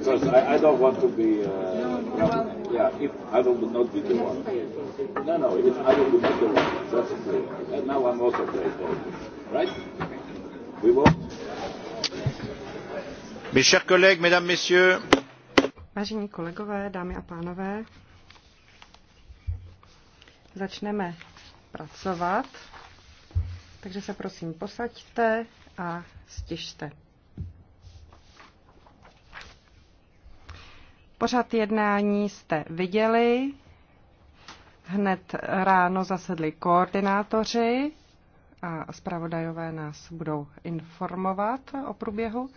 because I, I don't want to be. Uh, no, no yeah, if I will not be the one. No, no, if I will not be the one, that's clear. And now I'm also afraid Right? We will. Mes chers collègues, mesdames, messieurs. Vážení kolegové, dámy a pánové, začneme pracovat, takže se prosím posaďte a stižte. Pořad jednání jste viděli. Hned ráno zasedli koordinátoři a zpravodajové nás budou informovat o průběhu.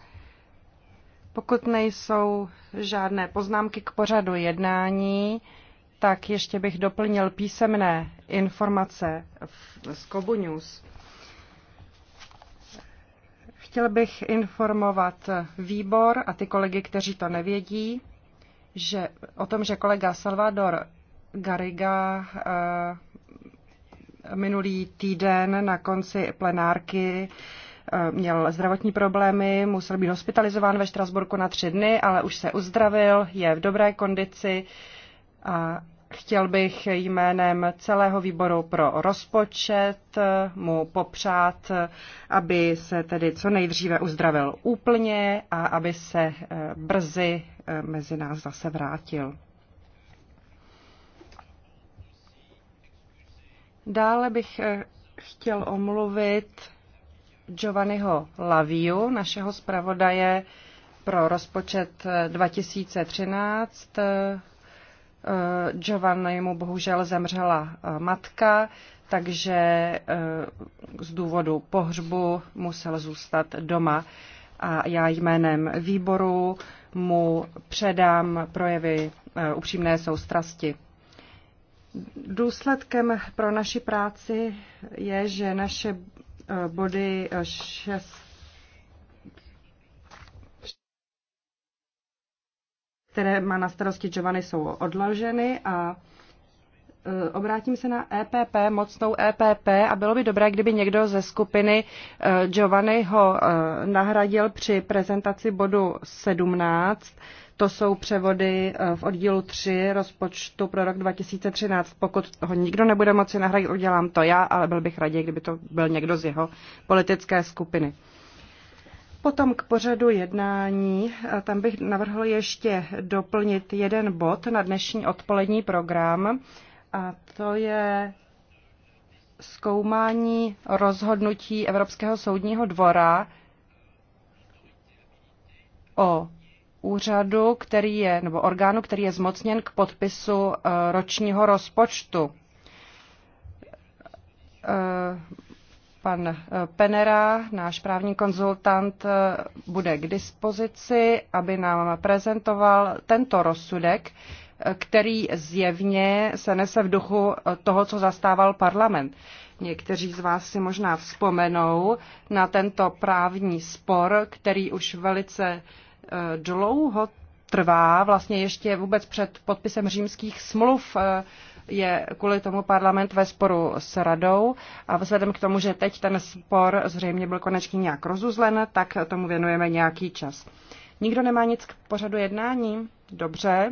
Pokud nejsou žádné poznámky k pořadu jednání, tak ještě bych doplnil písemné informace z Kobu News. Chtěl bych informovat výbor a ty kolegy, kteří to nevědí, že, o tom, že kolega Salvador Garriga eh, minulý týden na konci plenárky eh, měl zdravotní problémy, musel být hospitalizován ve Štrasburku na tři dny, ale už se uzdravil, je v dobré kondici a Chtěl bych jménem celého výboru pro rozpočet mu popřát, aby se tedy co nejdříve uzdravil úplně a aby se eh, brzy eh, mezi nás zase vrátil. Dále bych eh, chtěl omluvit Giovanniho Laviu, našeho zpravodaje pro rozpočet 2013 Eh, Giovanna mu bohužel zemřela eh, matka, takže eh, z důvodu pohřbu musel zůstat doma. A já jménem výboru mu předám projevy upřímné soustrasti. Důsledkem pro naši práci je, že naše body 6 které má na starosti Giovanni, jsou odloženy a e, obrátím se na EPP, mocnou EPP a bylo by dobré, kdyby někdo ze skupiny e, Giovanni ho e, nahradil při prezentaci bodu 17. To jsou převody v oddílu 3 rozpočtu pro rok 2013. Pokud ho nikdo nebude moci nahradit, udělám to já, ale byl bych raději, kdyby to byl někdo z jeho politické skupiny. Potom k pořadu jednání, eh, tam bych navrhl ještě doplnit jeden bod na dnešní odpolední program, a to je zkoumání rozhodnutí Evropského soudního dvora o úřadu, který je, nebo orgánu, který je zmocněn k podpisu eh, ročního rozpočtu eh, Pan eh, Penera, náš právní konzultant, eh, bude k dispozici, aby nám prezentoval tento rozsudek, eh, který zjevně se nese v duchu toho, co zastával parlament. Někteří z vás si možná vzpomenou na tento právní spor, který už velice dlouho trvá, vlastně ještě vůbec před podpisem římských smluv je kvůli tomu parlament ve sporu s radou a vzhledem k tomu, že teď ten spor zřejmě byl konečně nějak rozuzlen, tak tomu věnujeme nějaký čas. Nikdo nemá nic k pořadu jednání? Dobře.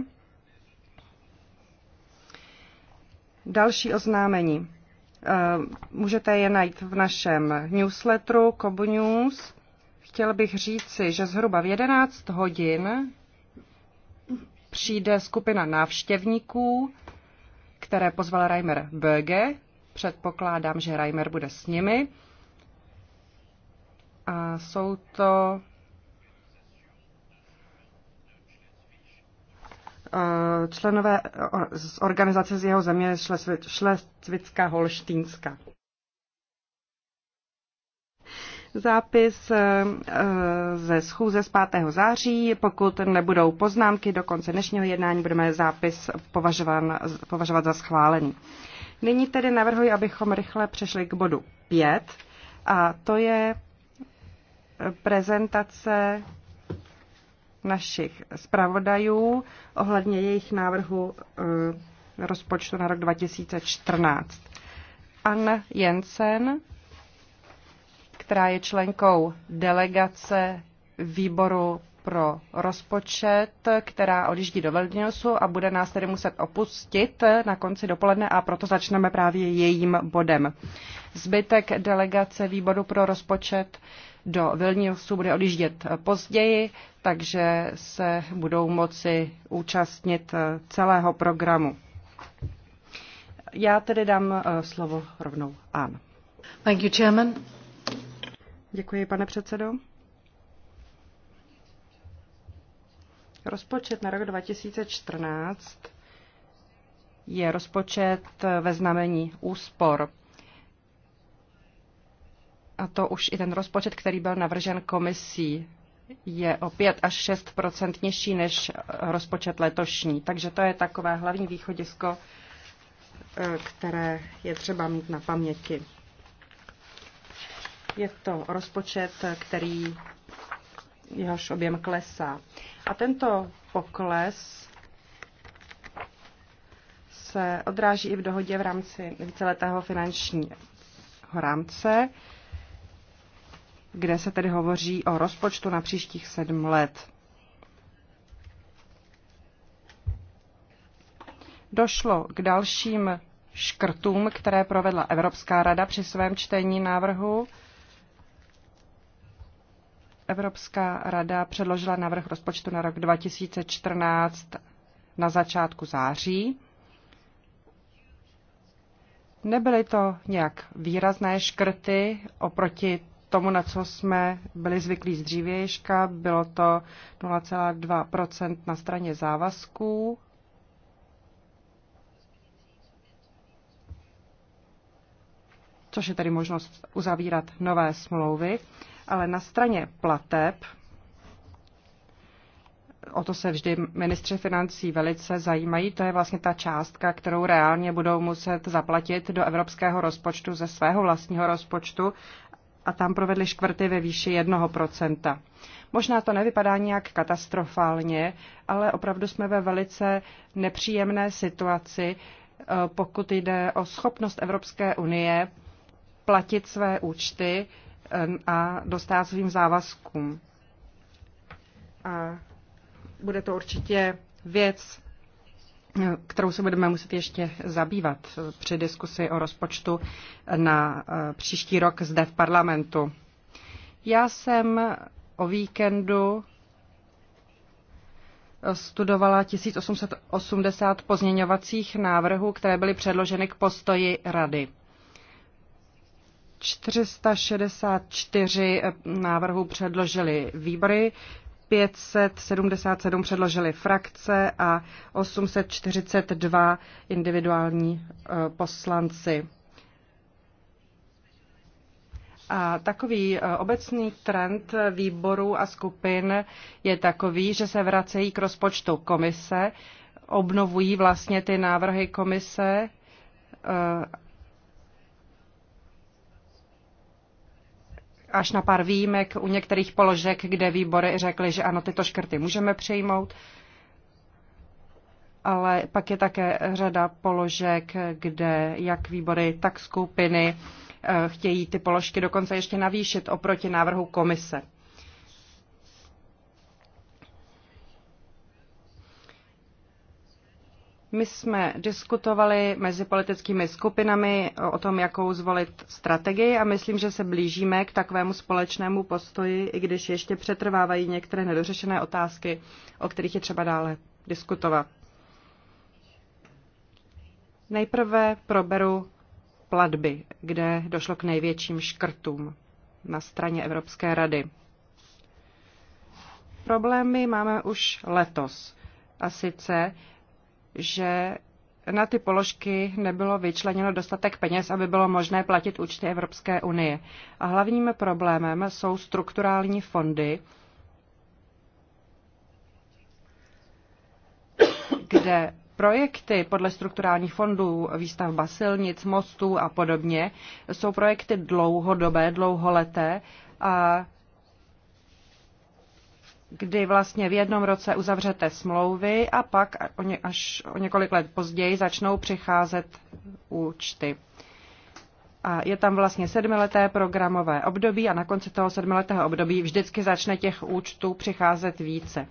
Další oznámení. Eh, můžete je najít v našem newsletteru Kobu News. Chtěl bych říci, že zhruba v 11 hodin přijde skupina návštěvníků, které pozval Reimer Böge. Předpokládám, že Reimer bude s nimi. A jsou to eh, členové z organizace z jeho země Šlesvická Holštínska. Zápis eh, eh, ze schůze z 5. září. Pokud nebudou poznámky do konce dnešního jednání, budeme zápis považovat za schválený. Nyní tedy navrhuji, abychom rychle přešli k bodu 5, a to je prezentace našich zpravodajů ohledně jejich návrhu eh, rozpočtu na rok 2014. Ann Jensen která je členkou delegace výboru pro rozpočet, která odjíždí do Vilniusu a bude nás tedy muset opustit na konci dopoledne a proto začneme právě jejím bodem. Zbytek delegace výboru pro rozpočet do Vilniusu bude odjíždět později, takže se budou moci účastnit celého programu. Já tedy dám eh, slovo rovnou Anne. Thank you, Chairman. Děkuji, pane předsedo. Rozpočet na rok 2014 je rozpočet ve znamení úspor. A to už i ten rozpočet, který byl navržen komisí, je o 5 až 6 nižší než rozpočet letošní. Takže to je takové hlavní východisko, eh, které je třeba mít na paměti. Je to rozpočet, který jehož objem klesá. A tento pokles se odráží i v dohodě v rámci víceletého finančního rámce, kde se tedy hovoří o rozpočtu na příštích sedm let. Došlo k dalším škrtům, které provedla Evropská rada při svém čtení návrhu Evropská rada předložila návrh rozpočtu na rok 2014 na začátku září. Nebyly to nějak výrazné škrty oproti tomu, na co jsme byli zvyklí z dřívějška. Bylo to 0,2 na straně závazků. což je tedy možnost uzavírat nové smlouvy ale na straně plateb, o to se vždy ministři financí velice zajímají, to je vlastně ta částka, kterou reálně budou muset zaplatit do evropského rozpočtu ze svého vlastního rozpočtu a tam provedli škvrty ve výši 1%. Možná to nevypadá nějak katastrofálně, ale opravdu jsme ve velice nepříjemné situaci, eh, pokud jde o schopnost Evropské unie platit své účty a dostát svým závazkům. A bude to určitě věc, kterou se budeme muset ještě zabývat při diskusi o rozpočtu na eh, příští rok zde v parlamentu. Já jsem o víkendu studovala 1880 pozměňovacích návrhů, které byly předloženy k postoji rady. 464 eh, návrhů předložili výbory, 577 předložili frakce a 842 individuální eh, poslanci. A takový eh, obecný trend výborů a skupin je takový, že se vracejí k rozpočtu komise, obnovují vlastně ty návrhy komise až na pár výjimek u některých položek, kde výbory řekly, že ano, tyto škrty můžeme přijmout, ale pak je také řada položek, kde jak výbory, tak skupiny eh, chtějí ty položky dokonce ještě navýšit oproti návrhu komise. My jsme diskutovali mezi politickými skupinami o tom, jakou zvolit strategii a myslím, že se blížíme k takovému společnému postoji, i když ještě přetrvávají některé nedořešené otázky, o kterých je třeba dále diskutovat. Nejprve proberu platby, kde došlo k největším škrtům na straně Evropské rady. Problémy máme už letos. A sice že na ty položky nebylo vyčleněno dostatek peněz, aby bylo možné platit účty Evropské unie. A hlavním problémem jsou strukturální fondy, kde projekty podle strukturálních fondů, výstavba silnic, mostů a podobně, jsou projekty dlouhodobé, dlouholeté a kdy vlastně v jednom roce uzavřete smlouvy a pak až o několik let později začnou přicházet účty. A je tam vlastně sedmileté programové období a na konci toho sedmiletého období vždycky začne těch účtů přicházet více.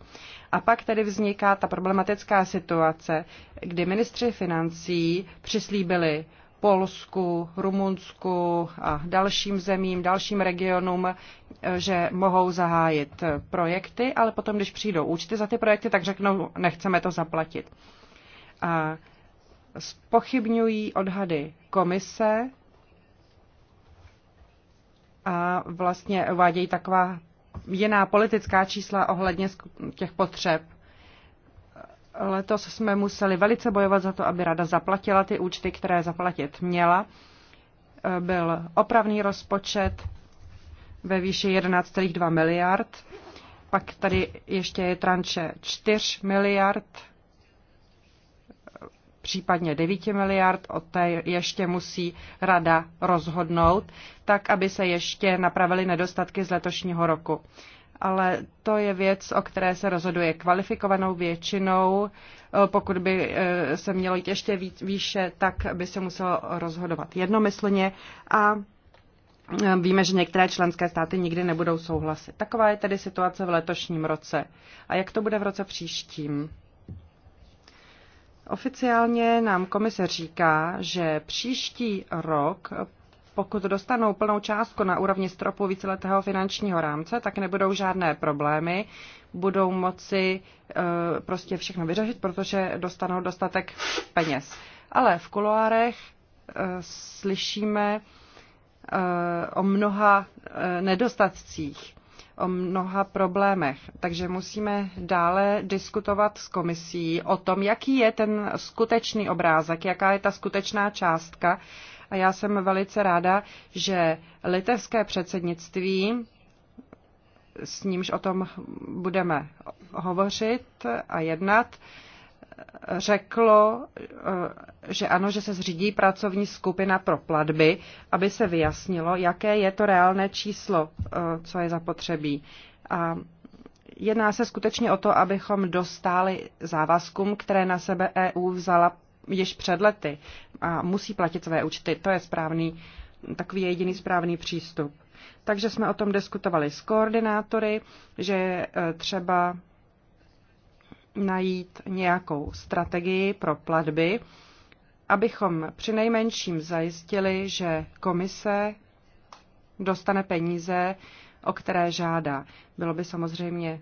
A pak tedy vzniká ta problematická situace, kdy ministři financí přislíbili Polsku, Rumunsku a dalším zemím, dalším regionům, eh, že mohou zahájit projekty, ale potom, když přijdou účty za ty projekty, tak řeknou, nechceme to zaplatit. A spochybňují odhady komise a vlastně uvádějí taková jiná politická čísla ohledně těch potřeb Letos jsme museli velice bojovat za to, aby rada zaplatila ty účty, které zaplatit měla. Eh, byl opravný rozpočet ve výši 11,2 miliard. Pak tady ještě je tranše 4 miliard, eh, případně 9 miliard, o té ještě musí rada rozhodnout, tak aby se ještě napravily nedostatky z letošního roku ale to je věc, o které se rozhoduje kvalifikovanou většinou. Eh, pokud by eh, se mělo jít ještě víc, výše, tak by se muselo rozhodovat jednomyslně a eh, Víme, že některé členské státy nikdy nebudou souhlasit. Taková je tedy situace v letošním roce. A jak to bude v roce příštím? Oficiálně nám komise říká, že příští rok pokud dostanou plnou částku na úrovni stropu víceletého finančního rámce, tak nebudou žádné problémy, budou moci e, prostě všechno vyřešit, protože dostanou dostatek peněz. Ale v kuloárech e, slyšíme e, o mnoha nedostatcích, o mnoha problémech. Takže musíme dále diskutovat s komisí o tom, jaký je ten skutečný obrázek, jaká je ta skutečná částka a já jsem velice ráda, že litevské předsednictví, s nímž o tom budeme hovořit a jednat, řeklo, eh, že ano, že se zřídí pracovní skupina pro platby, aby se vyjasnilo, jaké je to reálné číslo, eh, co je zapotřebí. A jedná se skutečně o to, abychom dostali závazkům, které na sebe EU vzala již před lety a musí platit své účty. To je správný, takový jediný správný přístup. Takže jsme o tom diskutovali s koordinátory, že e, třeba najít nějakou strategii pro platby, abychom při nejmenším zajistili, že komise dostane peníze, o které žádá. Bylo by samozřejmě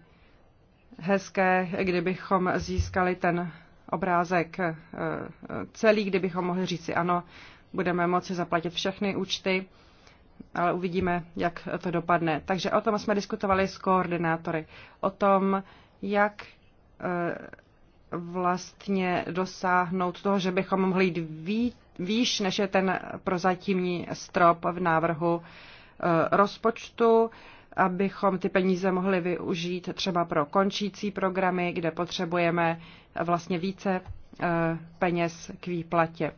hezké, kdybychom získali ten obrázek eh, celý, kdybychom mohli říci ano, budeme moci zaplatit všechny účty, ale uvidíme, jak to dopadne. Takže o tom jsme diskutovali s koordinátory. O tom, jak eh, vlastně dosáhnout toho, že bychom mohli jít výš, než je ten prozatímní strop v návrhu eh, rozpočtu abychom ty peníze mohli využít třeba pro končící programy, kde potřebujeme vlastně více eh, peněz k výplatě.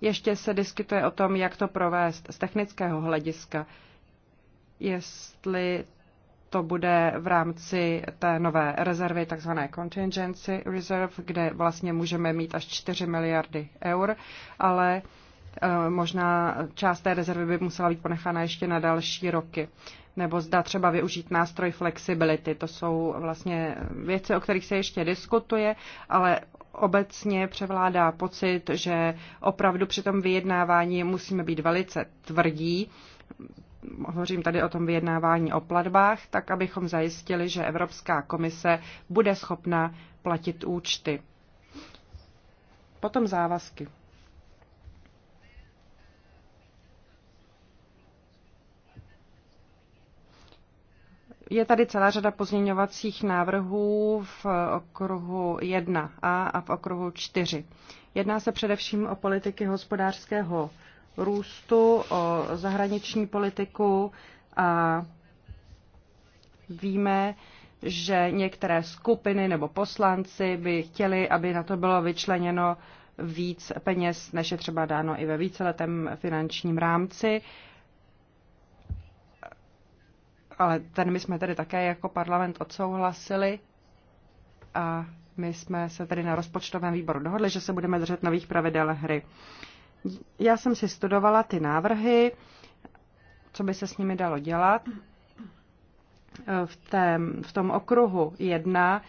Ještě se diskutuje o tom, jak to provést z technického hlediska, jestli to bude v rámci té nové rezervy, takzvané contingency reserve, kde vlastně můžeme mít až 4 miliardy eur, ale eh, možná část té rezervy by musela být ponechána ještě na další roky nebo zda třeba využít nástroj flexibility. To jsou vlastně věci, o kterých se ještě diskutuje, ale obecně převládá pocit, že opravdu při tom vyjednávání musíme být velice tvrdí. Hovořím tady o tom vyjednávání o platbách, tak abychom zajistili, že Evropská komise bude schopna platit účty. Potom závazky. Je tady celá řada pozměňovacích návrhů v okruhu 1a a v okruhu 4. Jedná se především o politiky hospodářského růstu, o zahraniční politiku a víme, že některé skupiny nebo poslanci by chtěli, aby na to bylo vyčleněno víc peněz, než je třeba dáno i ve víceletém finančním rámci ale ten my jsme tedy také jako parlament odsouhlasili a my jsme se tedy na rozpočtovém výboru dohodli, že se budeme držet nových pravidel hry. Já jsem si studovala ty návrhy, co by se s nimi dalo dělat. V, tém, v tom okruhu jedna.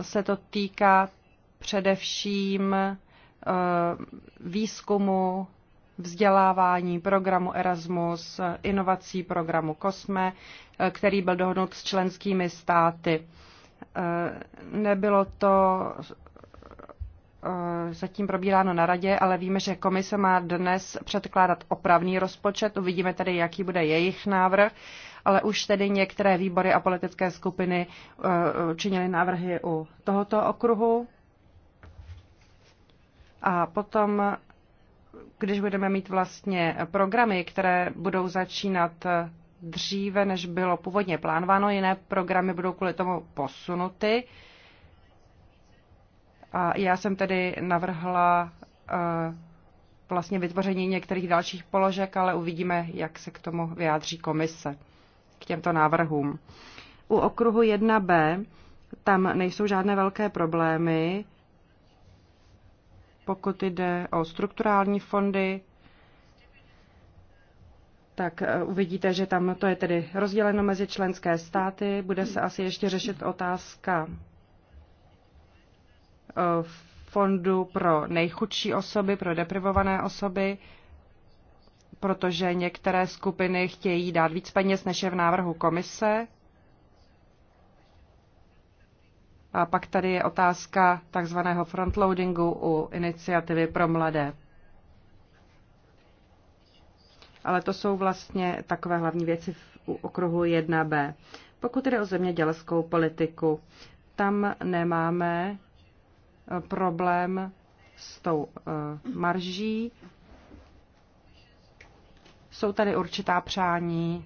se to týká především eh, výzkumu vzdělávání, programu Erasmus, inovací programu COSME, který byl dohodnut s členskými státy. Eh, nebylo to eh, zatím probíráno na radě, ale víme, že komise má dnes předkládat opravný rozpočet. Uvidíme tedy, jaký bude jejich návrh, ale už tedy některé výbory a politické skupiny eh, činily návrhy u tohoto okruhu. A potom když budeme mít vlastně programy, které budou začínat dříve, než bylo původně plánováno, jiné programy budou kvůli tomu posunuty. A já jsem tedy navrhla eh, vlastně vytvoření některých dalších položek, ale uvidíme, jak se k tomu vyjádří komise k těmto návrhům. U okruhu 1b tam nejsou žádné velké problémy pokud jde o strukturální fondy, tak e, uvidíte, že tam to je tedy rozděleno mezi členské státy. Bude se asi ještě řešit otázka e, fondu pro nejchudší osoby, pro deprivované osoby, protože některé skupiny chtějí dát víc peněz, než je v návrhu komise. A pak tady je otázka takzvaného frontloadingu u iniciativy pro mladé. Ale to jsou vlastně takové hlavní věci v okruhu 1b. Pokud jde o zemědělskou politiku, tam nemáme eh, problém s tou eh, marží. Jsou tady určitá přání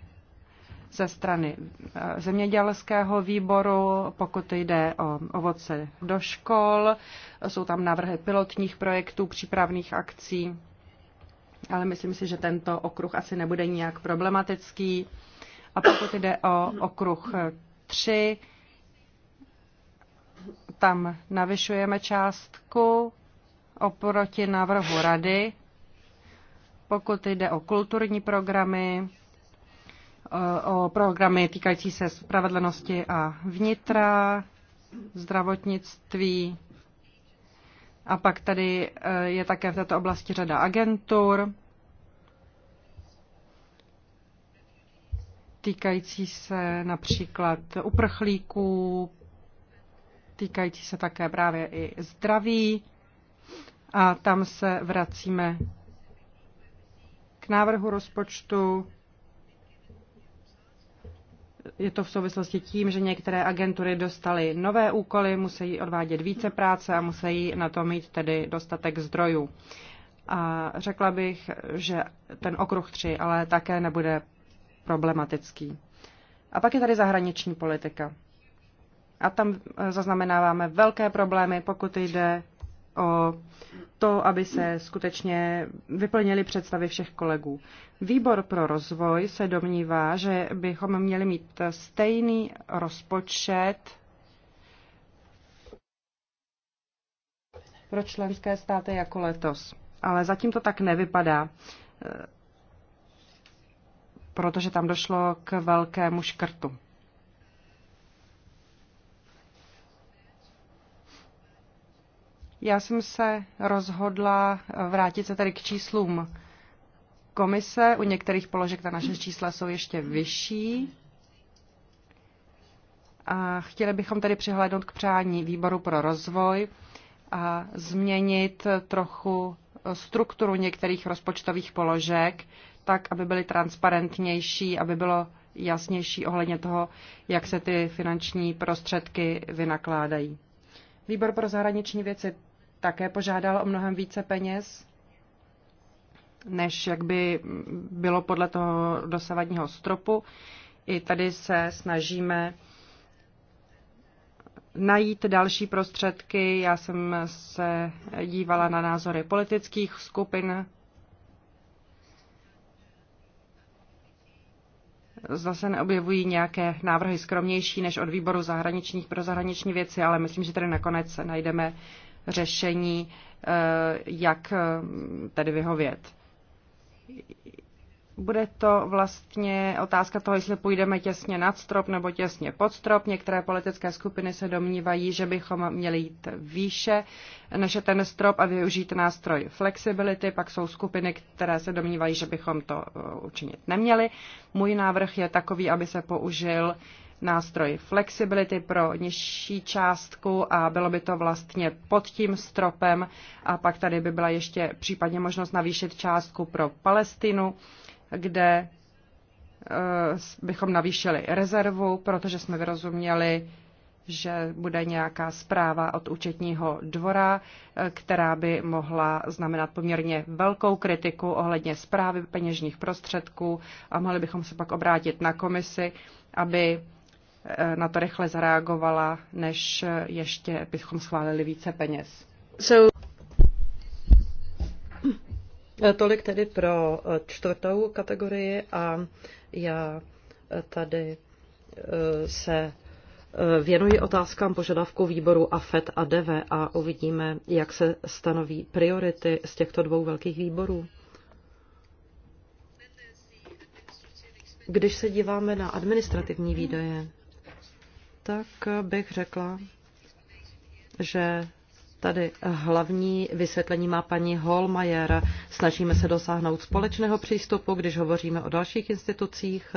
ze strany eh, zemědělského výboru, pokud jde o ovoce do škol. Jsou tam návrhy pilotních projektů, přípravných akcí, ale myslím si, že tento okruh asi nebude nijak problematický. A pokud jde o okruh 3, eh, tam navyšujeme částku oproti návrhu rady. Pokud jde o kulturní programy, Eh, o programy týkající se spravedlnosti a vnitra, zdravotnictví. A pak tady eh, je také v této oblasti řada agentur týkající se například uprchlíků, týkající se také právě i zdraví. A tam se vracíme k návrhu rozpočtu je to v souvislosti tím, že některé agentury dostaly nové úkoly, musí odvádět více práce a musí na to mít tedy dostatek zdrojů. A řekla bych, že ten okruh 3 ale také nebude problematický. A pak je tady zahraniční politika. A tam zaznamenáváme velké problémy, pokud jde o to, aby se skutečně vyplnily představy všech kolegů. Výbor pro rozvoj se domnívá, že bychom měli mít stejný rozpočet pro členské státy jako letos. Ale zatím to tak nevypadá, eh, protože tam došlo k velkému škrtu. Já jsem se rozhodla vrátit se tady k číslům komise. U některých položek ta naše čísla jsou ještě vyšší. A chtěli bychom tady přihlédnout k přání výboru pro rozvoj a změnit trochu strukturu některých rozpočtových položek, tak, aby byly transparentnější, aby bylo jasnější ohledně toho, jak se ty finanční prostředky vynakládají. Výbor pro zahraniční věci také požádal o mnohem více peněz, než jak by bylo podle toho dosavadního stropu. I tady se snažíme najít další prostředky. Já jsem se dívala na názory politických skupin. Zase neobjevují nějaké návrhy skromnější než od výboru zahraničních pro zahraniční věci, ale myslím, že tady nakonec najdeme řešení, eh, jak eh, tedy vyhovět. Bude to vlastně otázka toho, jestli půjdeme těsně nad strop nebo těsně pod strop. Některé politické skupiny se domnívají, že bychom měli jít výše než ten strop a využít nástroj flexibility. Pak jsou skupiny, které se domnívají, že bychom to eh, učinit neměli. Můj návrh je takový, aby se použil nástroj flexibility pro nižší částku a bylo by to vlastně pod tím stropem a pak tady by byla ještě případně možnost navýšit částku pro Palestinu, kde eh, bychom navýšili rezervu, protože jsme vyrozuměli, že bude nějaká zpráva od účetního dvora, eh, která by mohla znamenat poměrně velkou kritiku ohledně zprávy peněžních prostředků a mohli bychom se pak obrátit na komisi, aby Eh, na to rychle zareagovala, než ještě bychom schválili více peněz. So... Eh, tolik tedy pro eh, čtvrtou kategorii a já tady se věnuji otázkám požadavku výboru AFET a DV a uvidíme, jak se stanoví priority z těchto dvou velkých výborů. Když se díváme na administrativní výdaje, tak bych řekla, že tady hlavní vysvětlení má paní Holmajer. Snažíme se dosáhnout společného přístupu, když hovoříme o dalších institucích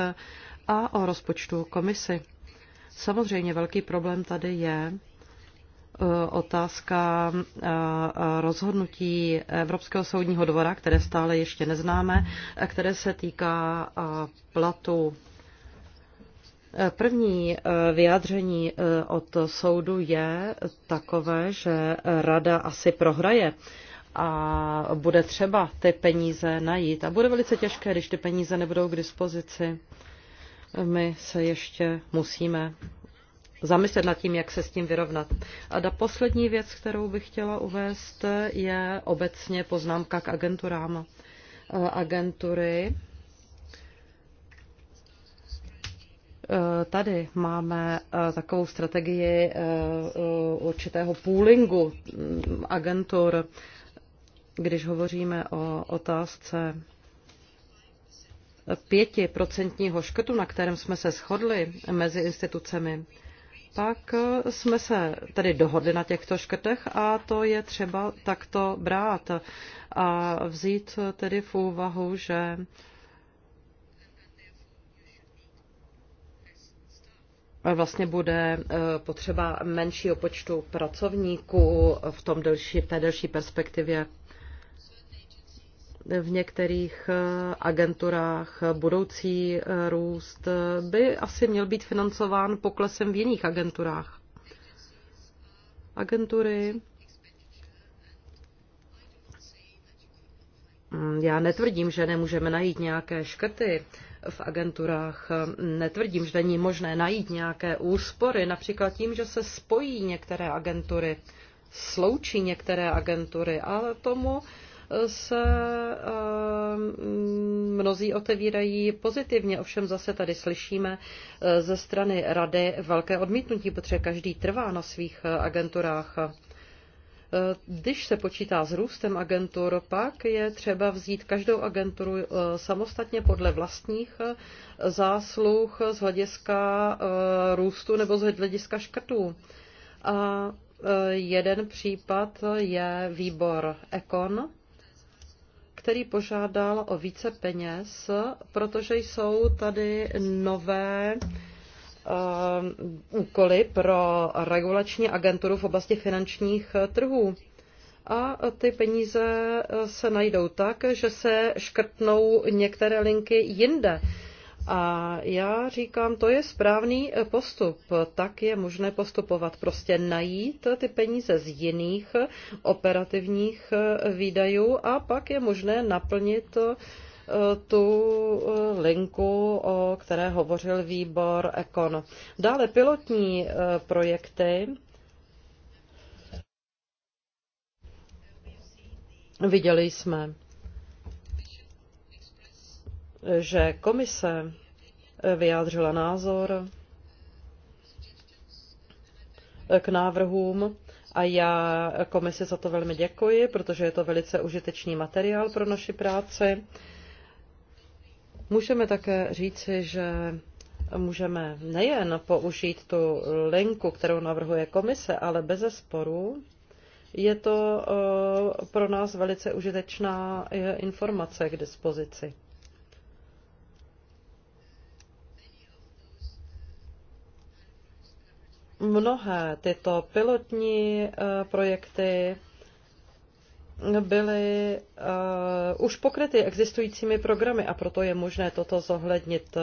a o rozpočtu komisy. Samozřejmě velký problém tady je eh, otázka eh, rozhodnutí Evropského soudního dvora, které stále ještě neznáme, které se týká eh, platu První eh, vyjádření eh, od soudu je takové, že rada asi prohraje a bude třeba ty peníze najít. A bude velice těžké, když ty peníze nebudou k dispozici. My se ještě musíme zamyslet nad tím, jak se s tím vyrovnat. A ta poslední věc, kterou bych chtěla uvést, je obecně poznámka k agenturám. Eh, agentury Eh, tady máme eh, takovou strategii eh, určitého poolingu mm, agentur, když hovoříme o otázce pětiprocentního škrtu, na kterém jsme se shodli mezi institucemi, tak jsme se tedy dohodli na těchto škrtech a to je třeba takto brát a vzít tedy v úvahu, že vlastně bude eh, potřeba menšího počtu pracovníků v tom delší, té delší perspektivě. V některých eh, agenturách budoucí eh, růst by asi měl být financován poklesem v jiných agenturách. Agentury hm, Já netvrdím, že nemůžeme najít nějaké škrty v agenturách. Netvrdím, že není možné najít nějaké úspory, například tím, že se spojí některé agentury, sloučí některé agentury, ale tomu se ehm, mnozí otevírají pozitivně, ovšem zase tady slyšíme eh, ze strany rady velké odmítnutí, protože každý trvá na svých eh, agenturách. Eh, když se počítá s růstem agentur, pak je třeba vzít každou agenturu eh, samostatně podle vlastních eh, zásluh z hlediska růstu nebo z hlediska škrtů. A jeden případ je výbor Econ, který požádal o více peněz, protože jsou tady nové Eh, úkoly pro regulační agenturu v oblasti finančních eh, trhů. A ty peníze eh, se najdou tak, že se škrtnou některé linky jinde. A já říkám, to je správný postup. Tak je možné postupovat. Prostě najít ty peníze z jiných operativních výdajů a pak je možné naplnit tu eh, linku, o které hovořil výbor Ekon. Dále pilotní eh, projekty. Viděli jsme, že komise eh, vyjádřila názor k návrhům a já komisi za to velmi děkuji, protože je to velice užitečný materiál pro naši práci. Můžeme také říci, že můžeme nejen použít tu linku, kterou navrhuje komise, ale bez sporu je to eh, pro nás velice užitečná eh, informace k dispozici. Mnohé tyto pilotní eh, projekty byly uh, už pokryty existujícími programy a proto je možné toto zohlednit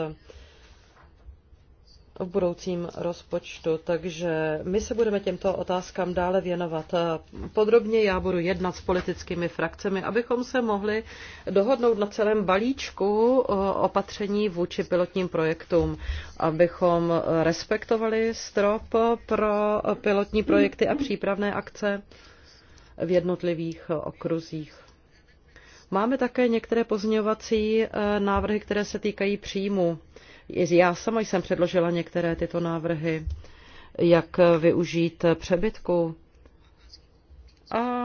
v budoucím rozpočtu. Takže my se budeme těmto otázkám dále věnovat. Podrobně já budu jednat s politickými frakcemi, abychom se mohli dohodnout na celém balíčku eh, opatření vůči pilotním projektům, abychom respektovali strop pro pilotní projekty a přípravné akce v jednotlivých eh, okruzích. Máme také některé pozměňovací eh, návrhy, které se týkají příjmu. Já sama jsem předložila některé tyto návrhy, jak eh, využít přebytku. A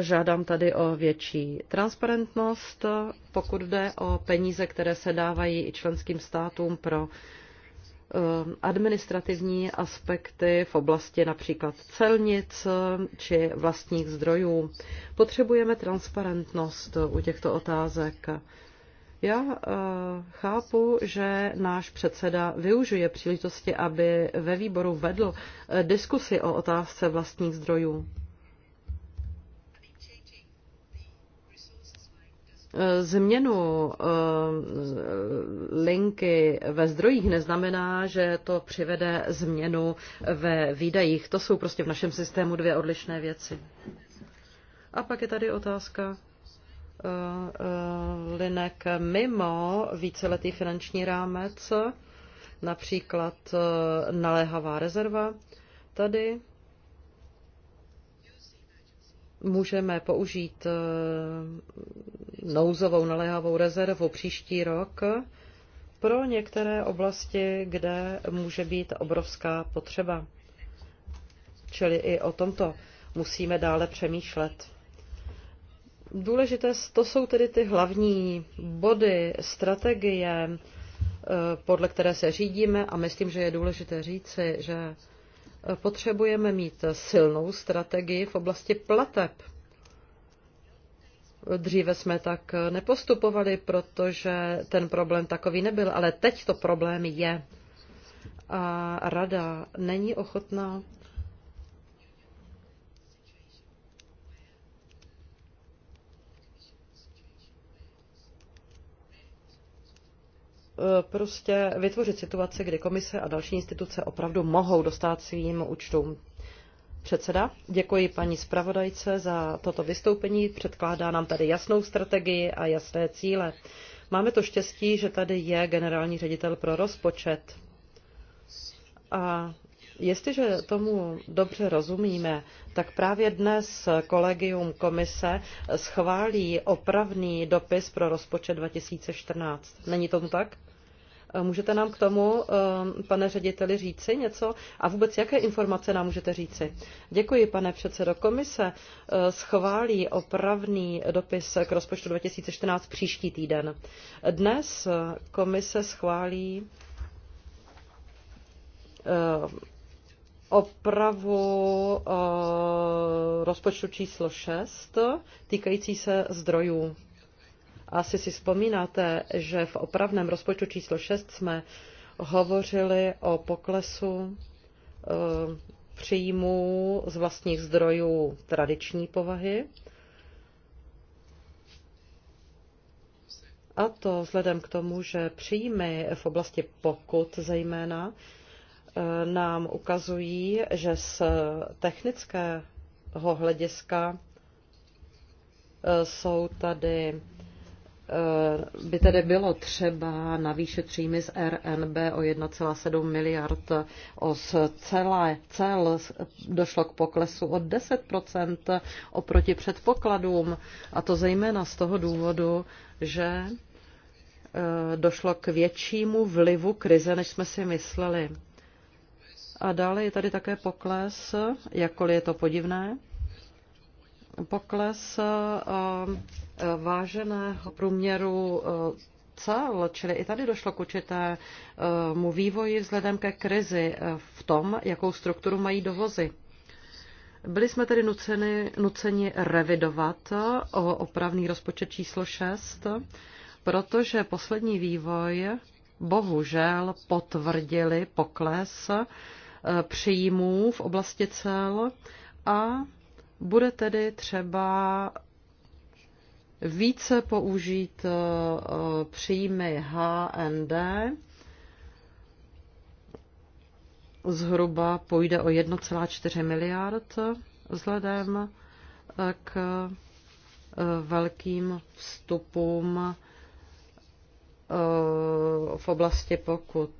žádám tady o větší transparentnost, pokud jde o peníze, které se dávají i členským státům pro Um, administrativní aspekty v oblasti například celnic um, či vlastních zdrojů. Potřebujeme transparentnost u těchto otázek. Já uh, chápu, že náš předseda využije příležitosti, aby ve výboru vedl uh, diskusi o otázce vlastních zdrojů. E, změnu e, linky ve zdrojích neznamená, že to přivede změnu ve výdajích. To jsou prostě v našem systému dvě odlišné věci. A pak je tady otázka e, linek mimo víceletý finanční rámec, například naléhavá rezerva. Tady můžeme použít eh, nouzovou naléhavou rezervu příští rok pro některé oblasti, kde může být obrovská potřeba. Čili i o tomto musíme dále přemýšlet. Důležité to jsou tedy ty hlavní body, strategie, eh, podle které se řídíme a myslím, že je důležité říci, že potřebujeme mít silnou strategii v oblasti plateb. Dříve jsme tak nepostupovali, protože ten problém takový nebyl, ale teď to problém je. A rada není ochotná Eh, prostě vytvořit situaci, kdy komise a další instituce opravdu mohou dostat svým účtům. Předseda, děkuji paní zpravodajce za toto vystoupení. Předkládá nám tady jasnou strategii a jasné cíle. Máme to štěstí, že tady je generální ředitel pro rozpočet. A Jestliže tomu dobře rozumíme, tak právě dnes kolegium komise schválí opravný dopis pro rozpočet 2014. Není tomu tak? Eh, můžete nám k tomu, eh, pane řediteli, říci něco? A vůbec jaké informace nám můžete říci? Děkuji, pane předsedo. Komise eh, schválí opravný dopis k rozpočtu 2014 příští týden. Dnes komise schválí opravu rozpočtu číslo 6 týkající se zdrojů. Asi si vzpomínáte, že v opravném rozpočtu číslo 6 jsme hovořili o poklesu eh, příjmů z vlastních zdrojů tradiční povahy. A to vzhledem k tomu, že příjmy v oblasti pokut zejména eh, nám ukazují, že z technického hlediska eh, jsou tady Eh, by tedy bylo třeba navýšit příjmy z RNB o 1,7 miliard. O celé cel došlo k poklesu o 10 oproti předpokladům, a to zejména z toho důvodu, že eh, došlo k většímu vlivu krize, než jsme si mysleli. A dále je tady také pokles, jakkoliv je to podivné, pokles eh, váženého průměru eh, cel, čili i tady došlo k určitému eh, vývoji vzhledem ke krizi v tom, jakou strukturu mají dovozy. Byli jsme tedy nuceni, nuceni revidovat o opravný rozpočet číslo 6, protože poslední vývoj bohužel potvrdili pokles příjmů v oblasti cel a bude tedy třeba více použít eh, příjmy HND. Zhruba půjde o 1,4 miliard vzhledem eh, k eh, velkým vstupům v oblasti pokud.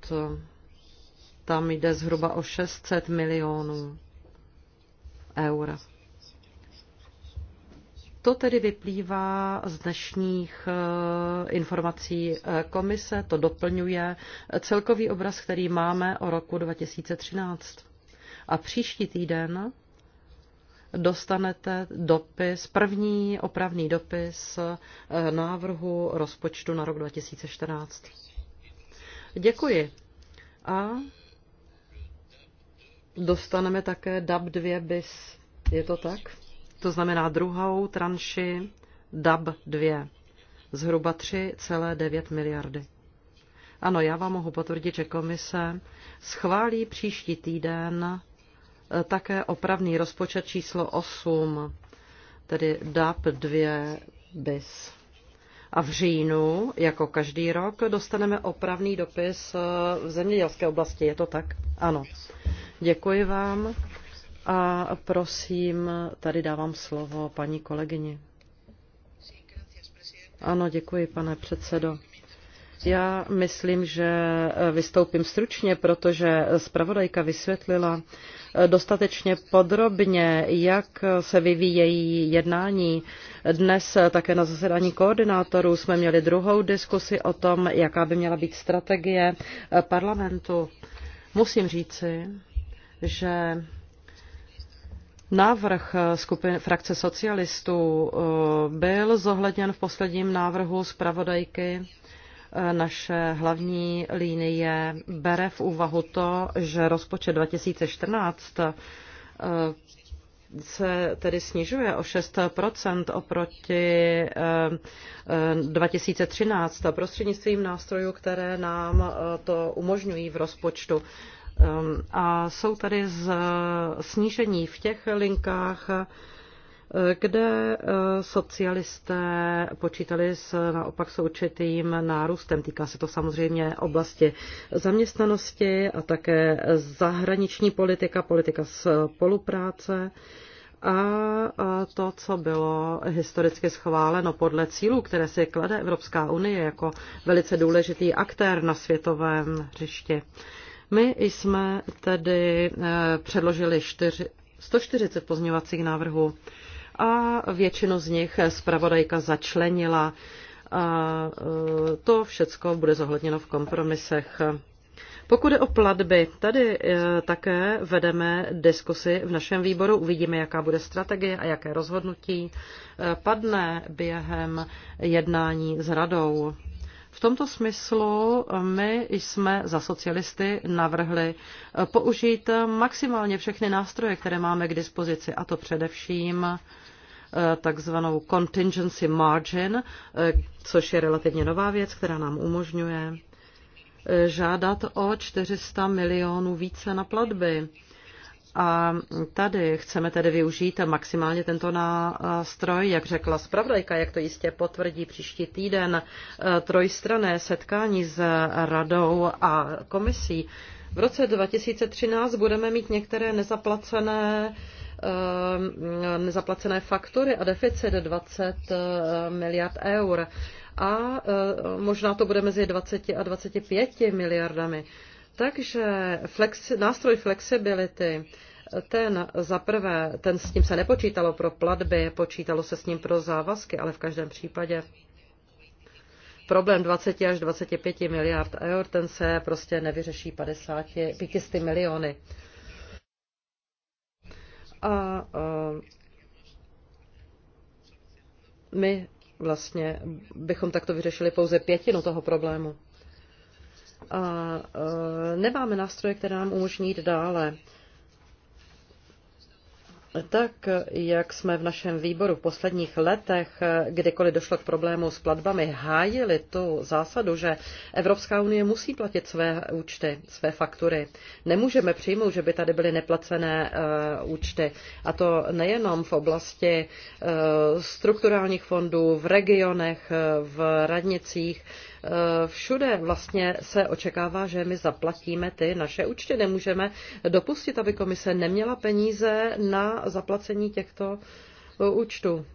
Tam jde zhruba o 600 milionů eur. To tedy vyplývá z dnešních eh, informací eh, komise, to doplňuje celkový obraz, který máme o roku 2013. A příští týden dostanete dopis, první opravný dopis eh, návrhu rozpočtu na rok 2014. Děkuji. A dostaneme také DAB 2 bis. Je to tak? to znamená druhou tranši DAB 2, zhruba 3,9 miliardy. Ano, já vám mohu potvrdit, že komise schválí příští týden eh, také opravný rozpočet číslo 8, tedy DAP 2 bis. A v říjnu, jako každý rok, dostaneme opravný dopis eh, v zemědělské oblasti. Je to tak? Ano. Děkuji vám. A prosím, tady dávám slovo paní kolegyni. Ano, děkuji, pane předsedo. Já myslím, že vystoupím stručně, protože zpravodajka vysvětlila dostatečně podrobně, jak se vyvíjejí jednání. Dnes také na zasedání koordinátorů jsme měli druhou diskusi o tom, jaká by měla být strategie parlamentu. Musím říci, že Návrh eh, skupiny frakce socialistů eh, byl zohledněn v posledním návrhu zpravodajky. Eh, naše hlavní línie bere v úvahu to, že rozpočet 2014 se tedy snižuje o 6 oproti 2013 prostřednictvím nástrojů, které nám to umožňují v rozpočtu. Um, a jsou tady z snížení v těch linkách, uh, kde uh, socialisté počítali s naopak s určitým nárůstem. Týká se to samozřejmě oblasti zaměstnanosti a také zahraniční politika, politika spolupráce a to, co bylo historicky schváleno podle cílů, které si klade Evropská unie jako velice důležitý aktér na světovém hřišti. My jsme tedy eh, předložili 4, 140 pozměňovacích návrhů a většinu z nich zpravodajka začlenila. A eh, to všecko bude zohledněno v kompromisech. Pokud je o platby, tady eh, také vedeme diskusy v našem výboru. Uvidíme, jaká bude strategie a jaké rozhodnutí padne během jednání s radou. V tomto smyslu my jsme za socialisty navrhli eh, použít maximálně všechny nástroje, které máme k dispozici, a to především eh, takzvanou contingency margin, eh, což je relativně nová věc, která nám umožňuje žádat o 400 milionů více na platby a tady chceme tedy využít maximálně tento nástroj, jak řekla zpravodajka, jak to jistě potvrdí příští týden, eh, trojstrané setkání s radou a komisí. V roce 2013 budeme mít některé nezaplacené eh, nezaplacené faktury a deficit 20 eh, miliard eur. A možná to bude mezi 20 a 25 miliardami. Takže flexi, nástroj flexibility, ten za prvé, ten s ním se nepočítalo pro platby, počítalo se s ním pro závazky, ale v každém případě problém 20 až 25 miliard eur, ten se prostě nevyřeší 50, 500 miliony. A my vlastně bychom takto vyřešili pouze pětinu toho problému a nemáme nástroje, které nám umožní jít dále. Tak, jak jsme v našem výboru v posledních letech, kdykoliv došlo k problému s platbami, hájili tu zásadu, že Evropská unie musí platit své účty, své faktury. Nemůžeme přijmout, že by tady byly neplacené e, účty. A to nejenom v oblasti e, strukturálních fondů, v regionech, e, v radnicích, všude vlastně se očekává, že my zaplatíme ty naše účty. Nemůžeme dopustit, aby komise neměla peníze na zaplacení těchto e, účtů.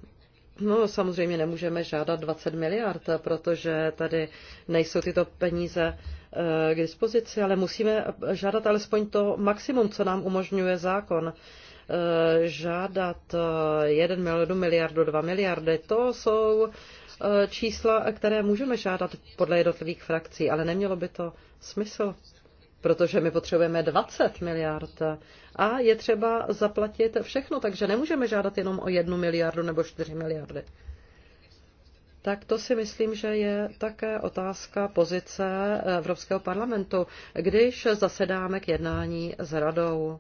No, samozřejmě nemůžeme žádat 20 miliard, protože tady nejsou tyto peníze e, k dispozici, ale musíme žádat alespoň to maximum, co nám umožňuje zákon. E, žádat 1 miliardu, miliardu, 2 miliardy, to jsou Eh, čísla, které můžeme žádat podle jednotlivých frakcí, ale nemělo by to smysl, protože my potřebujeme 20 miliard a je třeba zaplatit všechno, takže nemůžeme žádat jenom o jednu miliardu nebo 4 miliardy. Tak to si myslím, že je také otázka pozice Evropského parlamentu, když zasedáme k jednání s radou.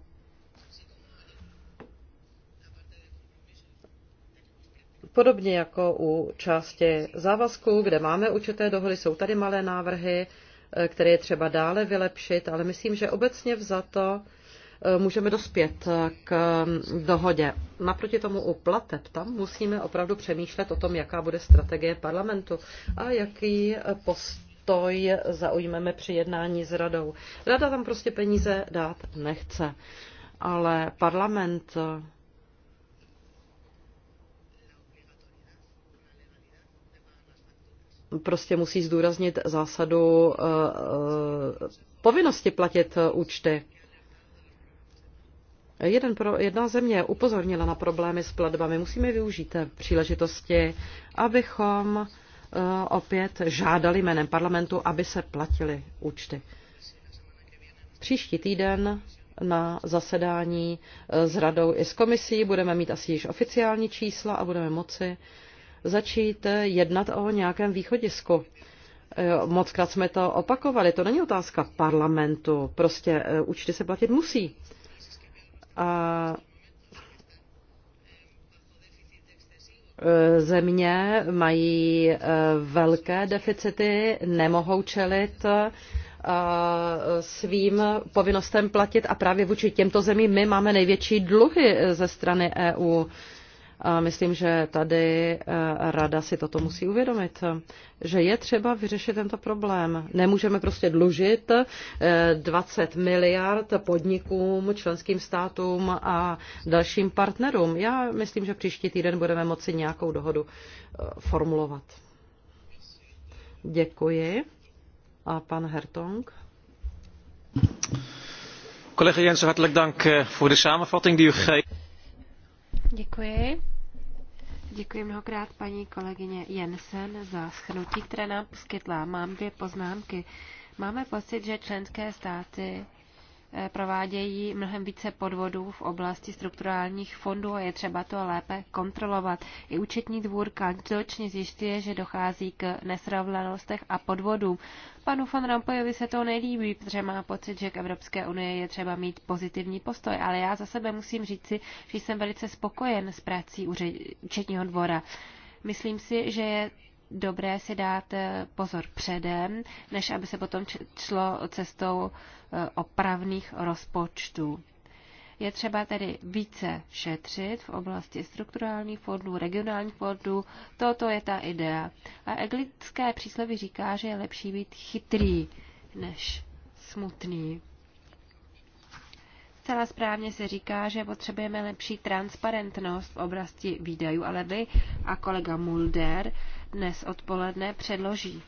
Podobně jako u části závazků, kde máme určité dohody, jsou tady malé návrhy, eh, které je třeba dále vylepšit, ale myslím, že obecně vzato eh, můžeme dospět eh, k mm, dohodě. Naproti tomu u plateb, tam musíme opravdu přemýšlet o tom, jaká bude strategie parlamentu a jaký postoj zaujmeme při jednání s radou. Rada tam prostě peníze dát nechce, ale parlament prostě musí zdůraznit zásadu eh, eh, povinnosti platit eh, účty. Jeden pro, jedna země upozornila na problémy s platbami. Musíme využít té příležitosti, abychom opět žádali jménem parlamentu, aby se platily účty. Příští týden na zasedání s radou i s komisí budeme mít asi již oficiální čísla a budeme moci uh, začít jednat o nějakém východisku. Eh, Mockrát jsme to opakovali. To není otázka parlamentu. Prostě eh, účty se platit musí. A eh, země mají velké deficity, nemohou čelit svým povinnostem platit a právě vůči těmto zemím my máme největší dluhy ze strany EU. A myslím, že tady eh, rada si toto musí uvědomit, že je třeba vyřešit tento problém. Nemůžeme prostě dlužit 20 eh, miliard podnikům, členským státům a dalším partnerům. Já myslím, že příští týden budeme moci nějakou dohodu eh, formulovat. Děkuji. A pan Hertong. Collega Jensen, hartelijk dank voor de samenvatting die u geeft. Děkuji. Děkuji mnohokrát paní kolegyně Jensen za schnutí, které nám poskytla. Mám dvě poznámky. Máme pocit, že členské státy Eh, provádějí mnohem více podvodů v oblasti strukturálních fondů a je třeba to lépe kontrolovat. I účetní dvůr každoročně zjišťuje, že dochází k nesrovnalostech a podvodům. Panu von Rampojovi se to nelíbí, protože má pocit, že k Evropské unii je třeba mít pozitivní postoj, ale já za sebe musím říci, že jsem velice spokojen s prací účetního dvora. Myslím si, že je dobré si dát eh, pozor předem, než aby se potom šlo cestou eh, opravných rozpočtů. Je třeba tedy více šetřit v oblasti strukturálních fondů, regionálních fondů. Toto je ta idea. A eglické přísloví říká, že je lepší být chytrý než smutný. Celá správně se říká, že potřebujeme lepší transparentnost v oblasti výdajů, ale vy a kolega Mulder dnes odpoledne předloží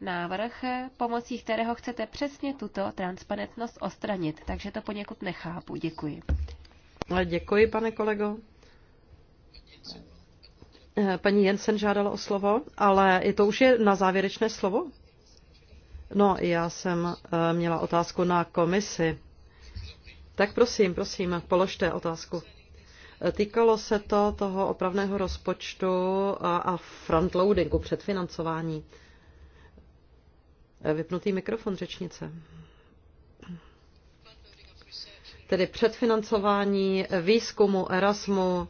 návrh, pomocí kterého chcete přesně tuto transparentnost ostranit. Takže to poněkud nechápu. Děkuji. Děkuji, pane kolego. Eh, paní Jensen žádala o slovo, ale je to už je na závěrečné slovo? No, já jsem eh, měla otázku na komisi. Tak prosím, prosím, položte otázku. Týkalo se to toho opravného rozpočtu a frontloadingu předfinancování. Vypnutý mikrofon řečnice. Tedy předfinancování výzkumu Erasmu.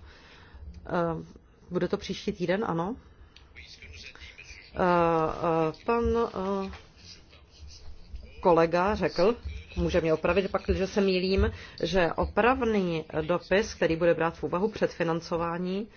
Eh, bude to příští týden, ano? Eh, eh, pan kolega řekl, může mě opravit, pak, když se mýlím, že opravný dopis, který bude brát v úvahu předfinancování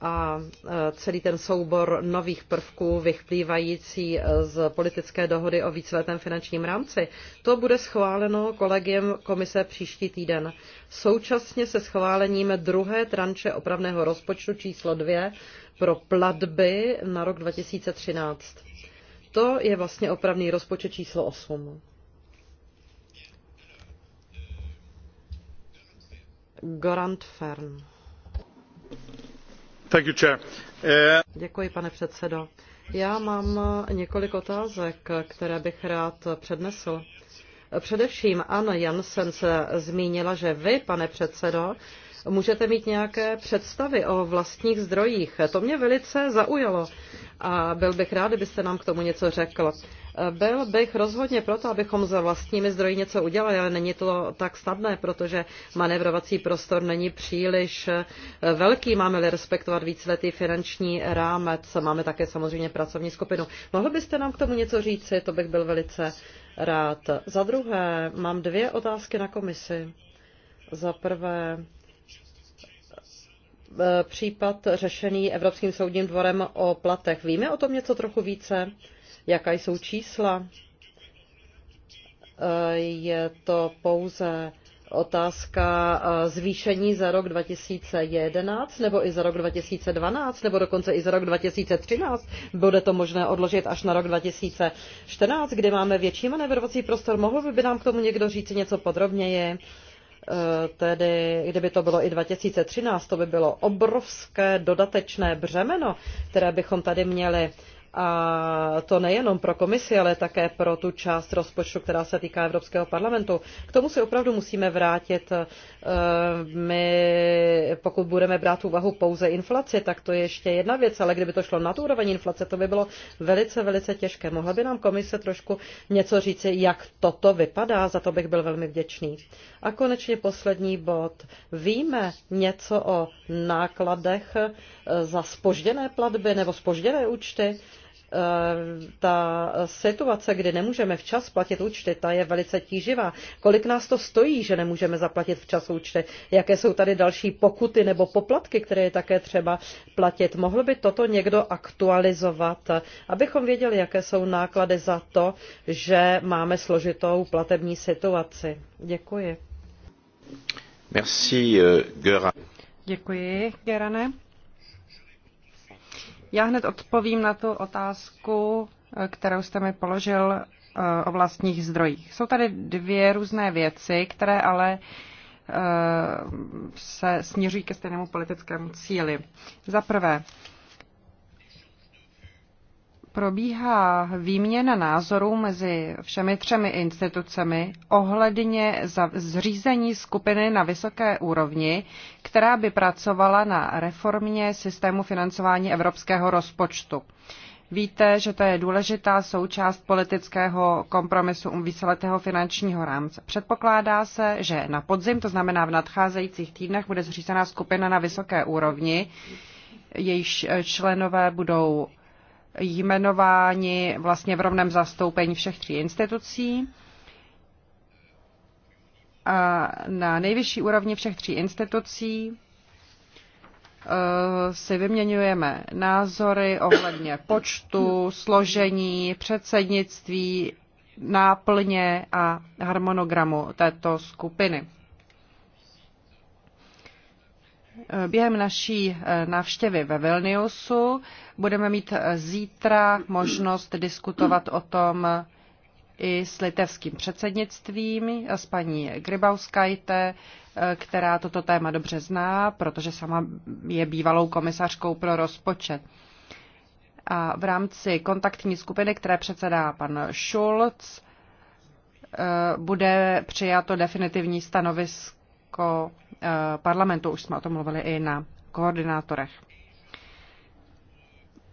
a e, celý ten soubor nových prvků vyplývající e, z politické dohody o víceletém finančním rámci, to bude schváleno kolegiem komise příští týden. Současně se schválením druhé tranče opravného rozpočtu číslo dvě pro platby na rok 2013. To je vlastně opravný rozpočet číslo 8. Eh, Děkuji, pane předsedající Já mám několik otázek, které bych rád přednesl. Především Anna Jansen se zmínila, že vy, pane předsedo, Můžete mít nějaké představy o vlastních zdrojích. To mě velice zaujalo a byl bych rád, kdybyste nám k tomu něco řekl. Byl bych rozhodně proto, abychom za vlastními zdroji něco udělali, ale není to tak snadné, protože manevrovací prostor není příliš eh, velký. Máme-li respektovat víceletý finanční rámec, máme také samozřejmě pracovní skupinu. Mohl byste nám k tomu něco říci? To bych byl velice rád. Za druhé, mám dvě otázky na komisi. Za prvé, E, případ řešený Evropským soudním dvorem o platech. Víme o tom něco trochu více? Jaká jsou čísla? E, je to pouze otázka e, zvýšení za rok 2011 nebo i za rok 2012 nebo dokonce i za rok 2013. Bude to možné odložit až na rok 2014, kdy máme větší manévrovací prostor. Mohl by nám k tomu někdo říct něco podrobněji? Eh, tedy kdyby to bylo i 2013, to by bylo obrovské dodatečné břemeno, které bychom tady měli a to nejenom pro komisi, ale také pro tu část rozpočtu, která se týká Evropského parlamentu. K tomu se opravdu musíme vrátit. Eh, my, pokud budeme brát úvahu pouze inflaci, tak to je ještě jedna věc, ale kdyby to šlo na tu úroveň inflace, to by bylo velice, velice těžké. Mohla by nám komise trošku něco říci, jak toto vypadá, za to bych byl velmi vděčný. A konečně poslední bod. Víme něco o nákladech eh, za spožděné platby nebo spožděné účty? Eh, ta situace, kdy nemůžeme včas platit účty, ta je velice tíživá. Kolik nás to stojí, že nemůžeme zaplatit včas účty? Jaké jsou tady další pokuty nebo poplatky, které je také třeba platit? Mohl by toto někdo aktualizovat, abychom věděli, jaké jsou náklady za to, že máme složitou platební situaci? Děkuji. Merci, eh, Göran. Děkuji, Gerane. Já hned odpovím na tu otázku, eh, kterou jste mi položil eh, o vlastních zdrojích. Jsou tady dvě různé věci, které ale eh, se směřují ke stejnému politickému cíli. Za prvé, probíhá výměna názorů mezi všemi třemi institucemi ohledně zřízení skupiny na vysoké úrovni, která by pracovala na reformě systému financování evropského rozpočtu. Víte, že to je důležitá součást politického kompromisu u víceletého finančního rámce. Předpokládá se, že na podzim, to znamená v nadcházejících týdnech, bude zřízená skupina na vysoké úrovni, jejíž členové budou jmenováni vlastně v rovném zastoupení všech tří institucí. A na nejvyšší úrovni všech tří institucí eh, si vyměňujeme názory ohledně počtu, složení, předsednictví, náplně a harmonogramu této skupiny. Eh, během naší eh, návštěvy ve Vilniusu budeme mít eh, zítra možnost diskutovat o tom i s litevským předsednictvím, s paní Grybauskajte, která toto téma dobře zná, protože sama je bývalou komisařkou pro rozpočet. A v rámci kontaktní skupiny, které předsedá pan Schulz, bude přijato definitivní stanovisko jako eh, parlamentu. Už jsme o tom mluvili i na koordinátorech.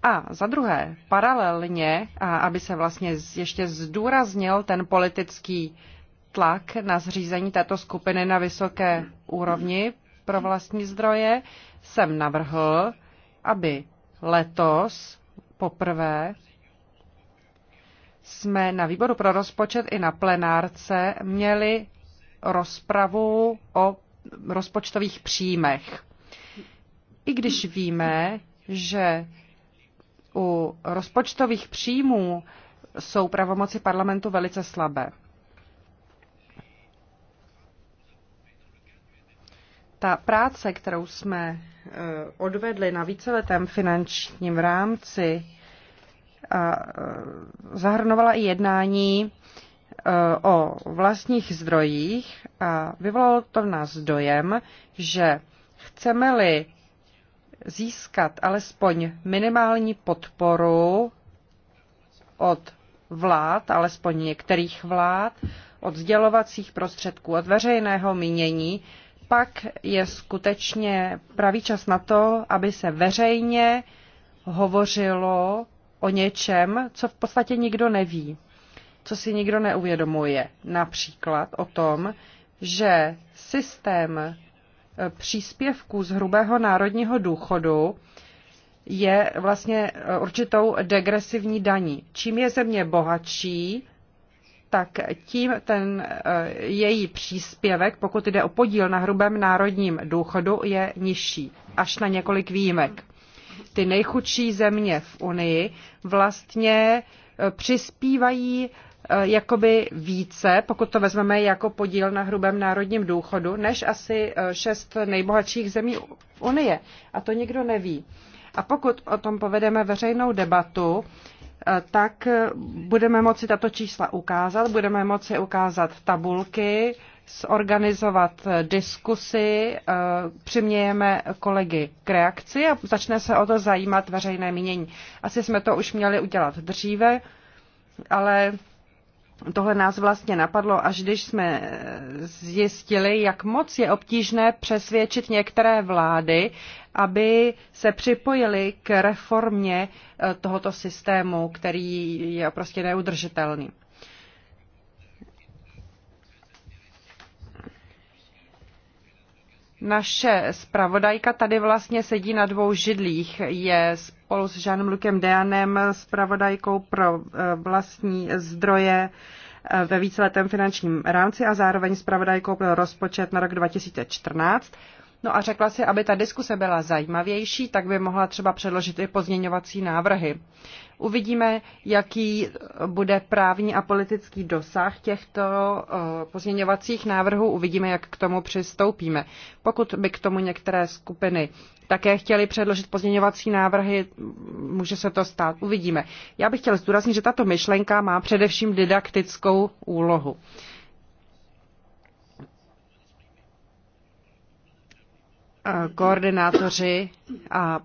A za druhé, paralelně, a aby se vlastně ještě zdůraznil ten politický tlak na zřízení této skupiny na vysoké úrovni pro vlastní zdroje, jsem navrhl, aby letos poprvé jsme na výboru pro rozpočet i na plenárce měli rozpravu o rozpočtových příjmech. I když víme, že u rozpočtových příjmů jsou pravomoci parlamentu velice slabé. Ta práce, kterou jsme e, odvedli na víceletém finančním rámci, e, zahrnovala i jednání Eh, o vlastních zdrojích a vyvolalo to v nás dojem, že chceme-li získat alespoň minimální podporu od vlád, alespoň některých vlád, od sdělovacích prostředků, od veřejného mínění, pak je skutečně pravý čas na to, aby se veřejně hovořilo o něčem, co v podstatě nikdo neví co si nikdo neuvědomuje. Například o tom, že systém e, příspěvků z hrubého národního důchodu je vlastně e, určitou degresivní daní. Čím je země bohatší, tak tím ten e, její příspěvek, pokud jde o podíl na hrubém národním důchodu, je nižší, až na několik výjimek. Ty nejchudší země v Unii vlastně přispívají Eh, jakoby více, pokud to vezmeme jako podíl na hrubém národním důchodu, než asi eh, šest nejbohatších zemí Unie. A to nikdo neví. A pokud o tom povedeme veřejnou debatu, eh, tak budeme moci tato čísla ukázat, budeme moci ukázat tabulky, zorganizovat diskusy, přimějeme kolegy k reakci a začne se o to zajímat veřejné mínění. Asi jsme to už měli udělat dříve, ale Tohle nás vlastně napadlo, až když jsme eh, zjistili, jak moc je obtížné přesvědčit některé vlády, aby se připojili k reformě eh, tohoto systému, který je prostě neudržitelný. Naše zpravodajka tady vlastně sedí na dvou židlích. Je spolu s Žánem Lukem Deanem, zpravodajkou pro eh, vlastní zdroje eh, ve víceletém finančním rámci a zároveň zpravodajkou pro rozpočet na rok 2014. No a řekla si, aby ta diskuse byla zajímavější, tak by mohla třeba předložit i pozměňovací návrhy. Uvidíme, jaký bude právní a politický dosah těchto eh, pozměňovacích návrhů. Uvidíme, jak k tomu přistoupíme. Pokud by k tomu některé skupiny také chtěli předložit pozměňovací návrhy, může se to stát, uvidíme. Já bych chtěl zdůraznit, že tato myšlenka má především didaktickou úlohu. Koordinátoři a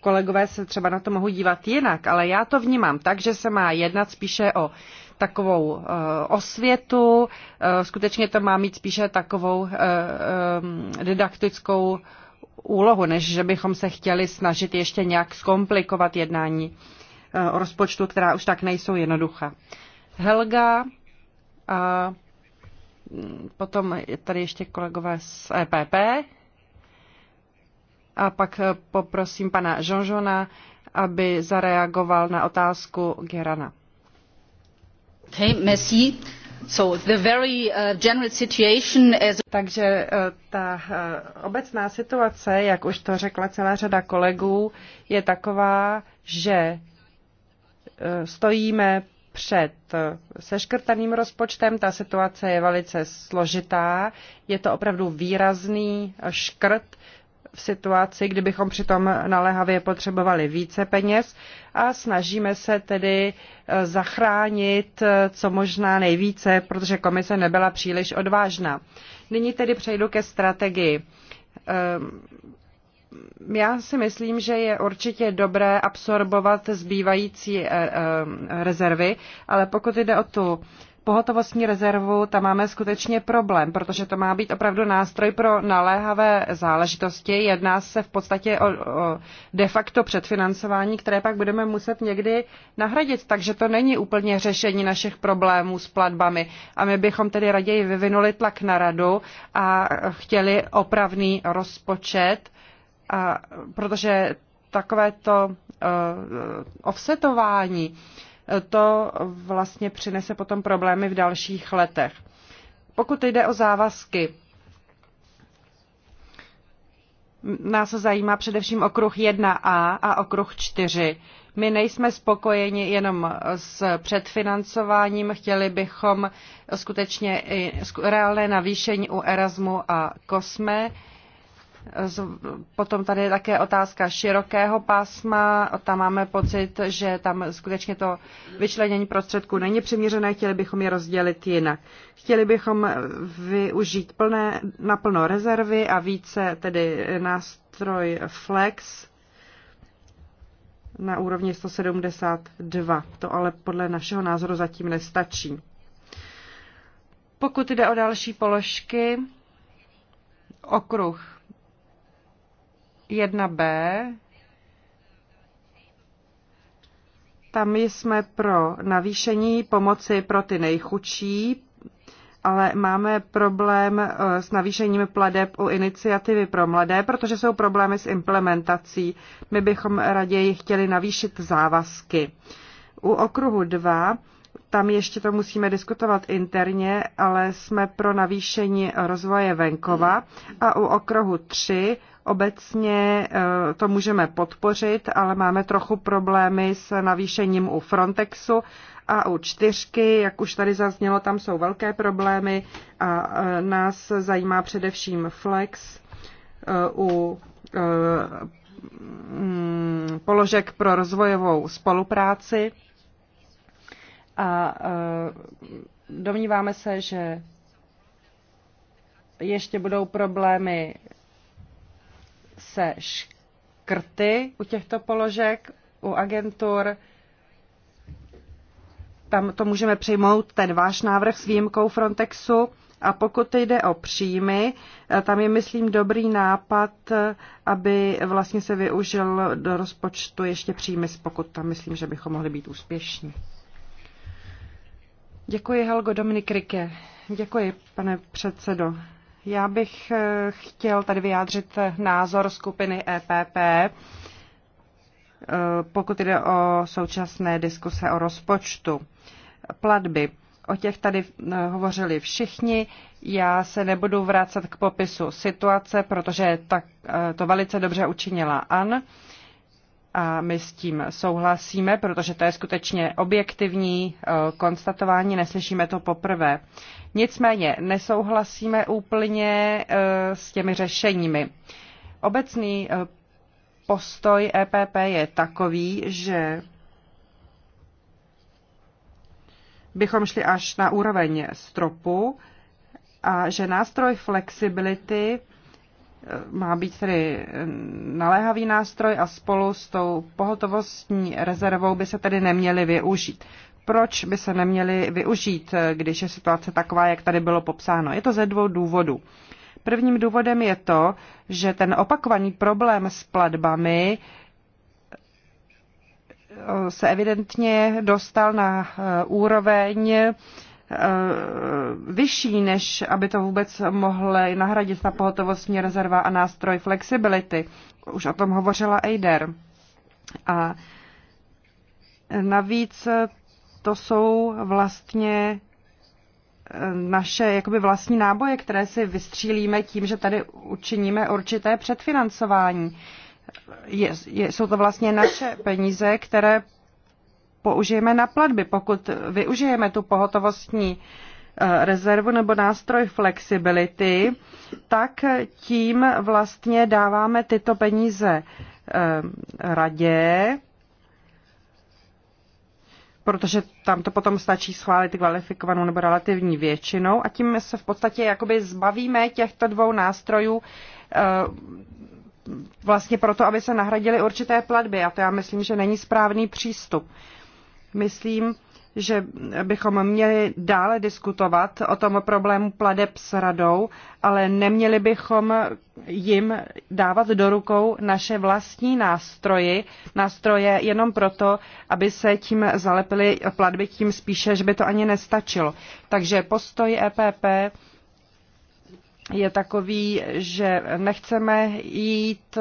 kolegové se třeba na to mohou dívat jinak, ale já to vnímám tak, že se má jednat spíše o takovou uh, osvětu, uh, skutečně to má mít spíše takovou uh, um, didaktickou uh, úlohu, než že bychom se chtěli snažit ještě nějak zkomplikovat jednání eh, o rozpočtu, která už tak nejsou jednoduchá. Helga a mm, potom je tady ještě kolegové z EPP a pak eh, poprosím pana Žonžona, aby zareagoval na otázku Gerana. Okay, merci. Uh, Takže uh, ta uh, obecná situace, jak už to řekla celá řada kolegů, je taková, že stojíme před seškrtaným rozpočtem. Ta situace je velice složitá. Je to opravdu výrazný škrt v situaci, kdybychom přitom naléhavě potřebovali více peněz a snažíme se tedy eh, zachránit eh, co možná nejvíce, protože komise nebyla příliš odvážná. Nyní tedy přejdu ke strategii. Ehm, já si myslím, že je určitě dobré absorbovat zbývající eh, rezervy, ale pokud jde o tu pohotovostní rezervu, tam máme skutečně problém, protože to má být opravdu nástroj pro naléhavé záležitosti. Jedná se v podstatě o, o de facto předfinancování, které pak budeme muset někdy nahradit, takže to není úplně řešení našich problémů s platbami. A my bychom tedy raději vyvinuli tlak na radu a chtěli opravný rozpočet, a, protože takovéto uh, offsetování uh, to vlastně přinese potom problémy v dalších letech. Pokud jde o závazky, nás zajímá především okruh 1a a okruh 4. My nejsme spokojeni jenom s předfinancováním, chtěli bychom skutečně i reálné navýšení u Erasmu a Kosme Potom tady je také otázka širokého pásma. Tam máme pocit, že tam skutečně to vyčlenění prostředků není přiměřené, chtěli bychom je rozdělit jinak. Chtěli bychom využít plné, naplno rezervy a více tedy nástroj Flex na úrovni 172. To ale podle našeho názoru zatím nestačí. Pokud jde o další položky, okruh 1b, tam jsme pro navýšení pomoci pro ty nejchudší, ale máme problém eh, s navýšením pladeb u iniciativy pro mladé, protože jsou problémy s implementací. My bychom raději chtěli navýšit závazky. U okruhu 2 tam ještě to musíme diskutovat interně, ale jsme pro navýšení rozvoje venkova a u okruhu 3 Obecně eh, to můžeme podpořit, ale máme trochu problémy s navýšením u Frontexu a u čtyřky, jak už tady zaznělo, tam jsou velké problémy a eh, nás zajímá především Flex eh, u mm, položek pro rozvojovou spolupráci. A domníváme se, že ještě budou problémy se škrty u těchto položek, u agentur. Tam to můžeme přijmout, ten váš návrh s výjimkou Frontexu. A pokud jde o příjmy, eh, tam je, myslím, dobrý nápad, eh, aby vlastně se využil do rozpočtu ještě příjmy, pokud tam myslím, že bychom mohli být úspěšní. Děkuji, Helgo Dominik Rike. Děkuji, pane předsedo. Já bych eh, chtěl tady vyjádřit názor skupiny EPP, eh, pokud jde o současné diskuse o rozpočtu. Platby. O těch tady eh, hovořili všichni. Já se nebudu vracet k popisu situace, protože tak, to velice dobře učinila An. A my s tím souhlasíme, protože to je skutečně objektivní konstatování, neslyšíme to poprvé. Nicméně nesouhlasíme úplně eh, s těmi řešeními. Obecný eh, postoj EPP je takový, že bychom šli až na úroveň stropu a že nástroj flexibility eh, má být tedy naléhavý nástroj a spolu s tou pohotovostní rezervou by se tedy neměly využít proč by se neměly využít, když je situace taková, jak tady bylo popsáno. Je to ze dvou důvodů. Prvním důvodem je to, že ten opakovaný problém s platbami eh, se evidentně dostal na eh, úroveň eh, vyšší, než aby to vůbec mohly nahradit ta pohotovostní rezerva a nástroj flexibility. Už o tom hovořila Eider. A navíc to jsou vlastně eh, naše jakoby vlastní náboje, které si vystřílíme tím, že tady učiníme určité předfinancování. Je, je, jsou to vlastně naše peníze, které použijeme na platby. Pokud využijeme tu pohotovostní eh, rezervu nebo nástroj flexibility, tak tím vlastně dáváme tyto peníze eh, radě protože tam to potom stačí schválit kvalifikovanou nebo relativní většinou a tím se v podstatě jakoby zbavíme těchto dvou nástrojů eh, vlastně proto, aby se nahradily určité platby a to já myslím, že není správný přístup. Myslím, že bychom měli dále diskutovat o tom problému pladeb s radou, ale neměli bychom jim dávat do rukou naše vlastní nástroje, nástroje jenom proto, aby se tím zalepily platby tím spíše, že by to ani nestačilo. Takže postoj EPP je takový, že nechceme jít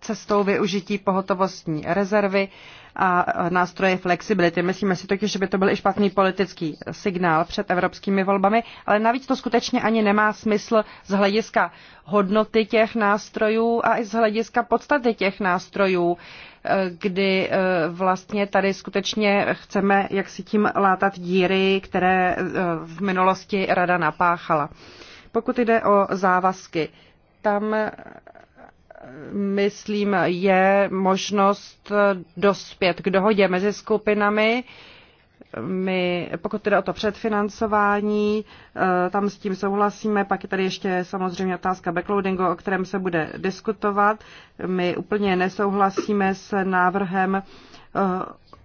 cestou využití pohotovostní rezervy, a nástroje flexibility. Myslíme si totiž, že by to byl i špatný politický signál před evropskými volbami, ale navíc to skutečně ani nemá smysl z hlediska hodnoty těch nástrojů a i z hlediska podstaty těch nástrojů e, kdy e, vlastně tady skutečně chceme jak si tím látat díry, které e, v minulosti rada napáchala. Pokud jde o závazky, tam myslím, je možnost dospět k dohodě mezi skupinami. My, pokud jde o to předfinancování, eh, tam s tím souhlasíme. Pak je tady ještě samozřejmě otázka backloadingu, o kterém se bude diskutovat. My úplně nesouhlasíme s návrhem eh,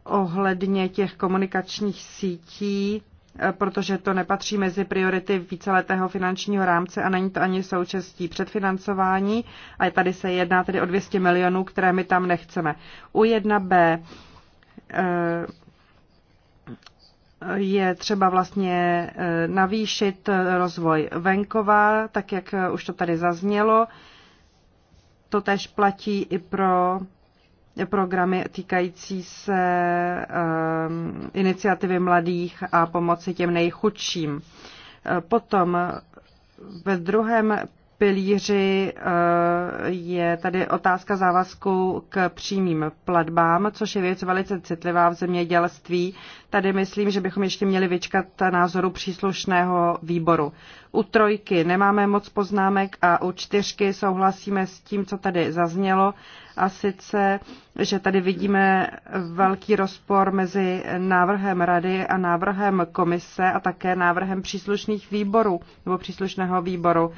ohledně těch komunikačních sítí protože to nepatří mezi priority víceletého finančního rámce a není to ani součástí předfinancování. A tady se jedná tedy o 200 milionů, které my tam nechceme. U 1b eh, je třeba vlastně eh, navýšit rozvoj venkova, tak jak už to tady zaznělo. To tež platí i pro programy týkající se ehm, iniciativy mladých a pomoci těm nejchudším. Potom ve druhém pilíři eh, je tady otázka závazku k přímým platbám, což je věc velice citlivá v zemědělství. Tady myslím, že bychom ještě měli vyčkat názoru příslušného výboru. U trojky nemáme moc poznámek a u čtyřky souhlasíme s tím, co tady zaznělo, a sice, že tady vidíme velký rozpor mezi návrhem rady a návrhem komise a také návrhem příslušných výborů nebo příslušného výboru.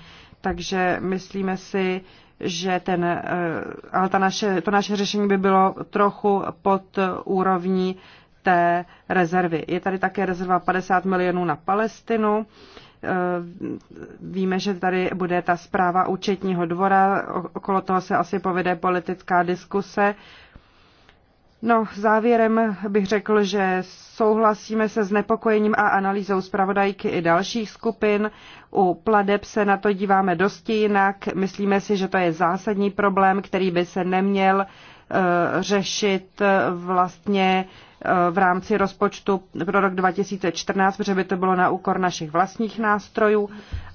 Takže myslíme si, že ten, eh, ale ta naše, to naše řešení by bylo trochu pod úrovní té rezervy. Je tady také rezerva 50 milionů na Palestinu. Eh, víme, že tady bude ta zpráva účetního dvora, okolo toho se asi povede politická diskuse No, závěrem bych řekl, že souhlasíme se znepokojením a analýzou zpravodajky i dalších skupin. U pladeb se na to díváme dosti jinak. Myslíme si, že to je zásadní problém, který by se neměl uh, řešit eh, vlastně eh, v rámci rozpočtu pro rok 2014, protože by to bylo na úkor našich vlastních nástrojů